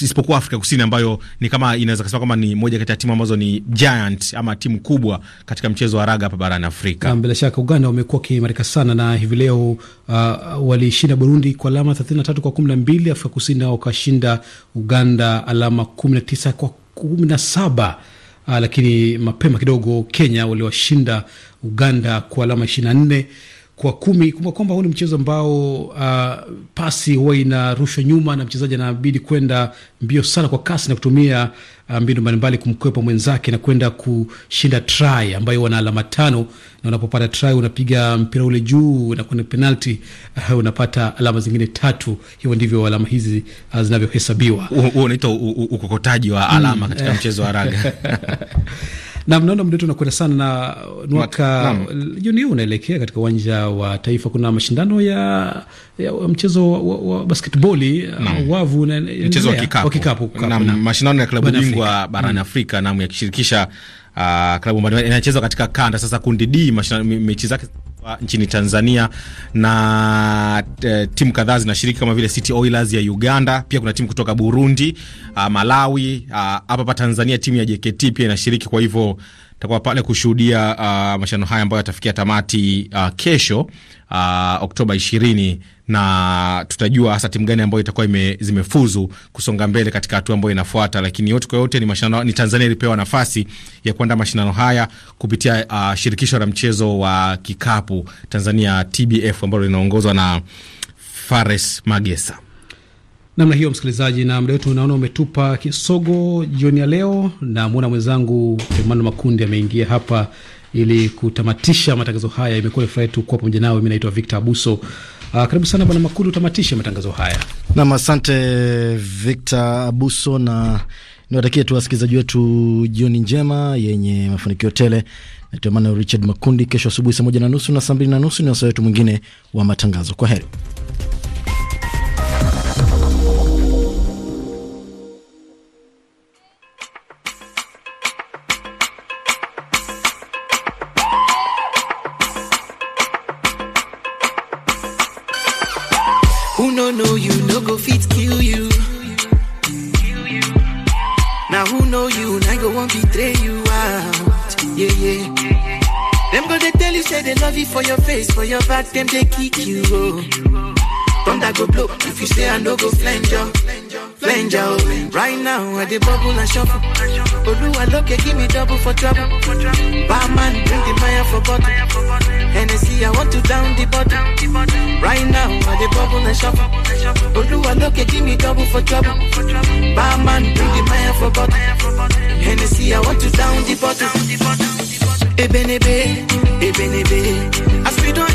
isipokuwa Afrika Kusini ambayo ni kama inaweza kusema kwamba ni moja kati ya timu ambazo ni giant ama timu kubwa katika mchezo wa raga hapa barani Afrika. Bila shaka Uganda wamekuwa wakiimarika sana na hivi leo uh, walishinda Burundi kwa alama 33 kwa 12. Afrika Kusini nao wakashinda Uganda alama 19 kwa 17. Uh, lakini mapema kidogo Kenya waliwashinda Uganda kwa alama 24 kwa kumi. Kumbuka kwamba huu ni mchezo ambao uh, pasi huwa inarushwa nyuma na mchezaji anabidi kwenda mbio sana kwa kasi na kutumia uh, mbinu mbalimbali kumkwepa mwenzake na kwenda kushinda try ambayo wana alama tano, na unapopata try unapiga mpira ule juu na kwenda penalti uh, unapata alama zingine tatu. Hivyo ndivyo alama hizi uh, zinavyohesabiwa. Huo unaitwa ukokotaji wa alama mm. katika mchezo wa raga. Na mnaona muda wetu unakwenda sana na nwaka juni hii unaelekea katika uwanja wa Taifa. Kuna mashindano ya, ya mchezo wa, wa basketboli uh, wavu na mchezo wa kikapu, mashindano ya klabu bingwa barani mm. Afrika nam yakishirikisha uh, klabu mbalimbali inacheza katika kanda. Sasa kundi D mechi zake nchini Tanzania na e, timu kadhaa zinashiriki kama vile City Oilers ya Uganda. Pia kuna timu kutoka Burundi, a, ah, Malawi, ah, hapa hapa Tanzania timu ya JKT pia inashiriki. Kwa hivyo takuwa pale kushuhudia ah, mashindano haya ambayo yatafikia tamati a, kesho Oktoba ishirini na tutajua hasa timu gani ambayo itakuwa zimefuzu kusonga mbele katika hatua ambayo inafuata. Lakini yote kwa yote ni mashindano, ni Tanzania ilipewa nafasi ya kuandaa mashindano haya kupitia uh, shirikisho la mchezo wa kikapu Tanzania TBF ambalo linaongozwa na Fares Magesa. Namna hiyo msikilizaji, na muda wetu unaona umetupa kisogo jioni ya leo. Namwona mwenzangu Emmanuel Makundi ameingia hapa ili kutamatisha matangazo haya. Imekuwa ni furaha yetu kuwa pamoja nawe. Mi naitwa Victor Abuso. Uh, karibu sana Bwana Makulu, utamatishe matangazo haya nam. Asante Victor Abuso na niwatakie tu wasikilizaji wetu jioni njema yenye mafanikio tele. Naitwa Richard Makundi. Kesho asubuhi saa moja na nusu na saa mbili na nusu ni wasaa wetu mwingine wa matangazo. Kwa heri. them they kick you. Oh. Thunder go blow if you say I no go flanger, oh. flanger, oh. Right now I dey bubble and shuffle. Oluwa look you give me double for trouble. Barman bring the fire for bottle. Hennessy I want to down the bottle. Right now I dey bubble and shuffle. Oluwa look you give me double for trouble. Barman bring the fire for bottle. Hennessy I want to down the bottle. Ebenebe, ebenebe, as we don't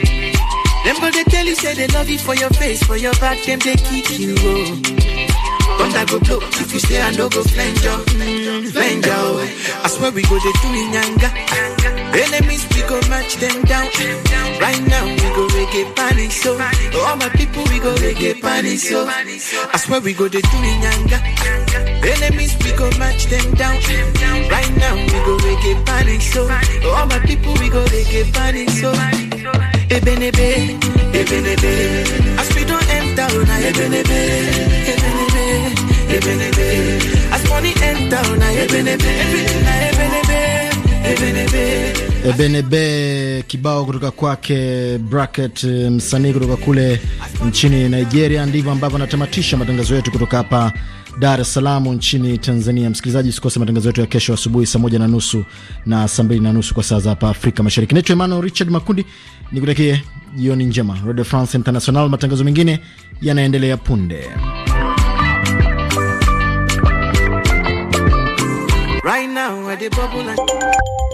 Them go they tell you say they love you for your face, for your back, them they kick you. Oh. But I go blow if you say I no go flange oh, flange oh. I swear we go they do in yanga. Enemies we go match them down. Right now we go reggae panic so. Oh, all my people we go reggae panic so. I swear we go they do in yanga. Enemies, we go match them down. Right now, we go reggae panic so. Oh, all my people, we go reggae panic so. Ebenebe, Ebenebe. As we enter, Ebenebe, Ebenebe, Ebenebe. As money enter, Ebenebe, everything na Ebenebe. Ebenebe kibao kutoka kwake Bracket, msanii kutoka kule nchini Nigeria. Ndivyo ambavyo anatamatisha matangazo yetu kutoka hapa Dar es Salaam nchini Tanzania. Msikilizaji, usikose matangazo yetu ya kesho asubuhi saa moja na nusu na saa mbili na nusu kwa saa za hapa Afrika Mashariki. Naitwa Emmanuel Richard Makundi, nikutakie jioni njema. Radio France International, matangazo mengine yanaendelea punde. Right now,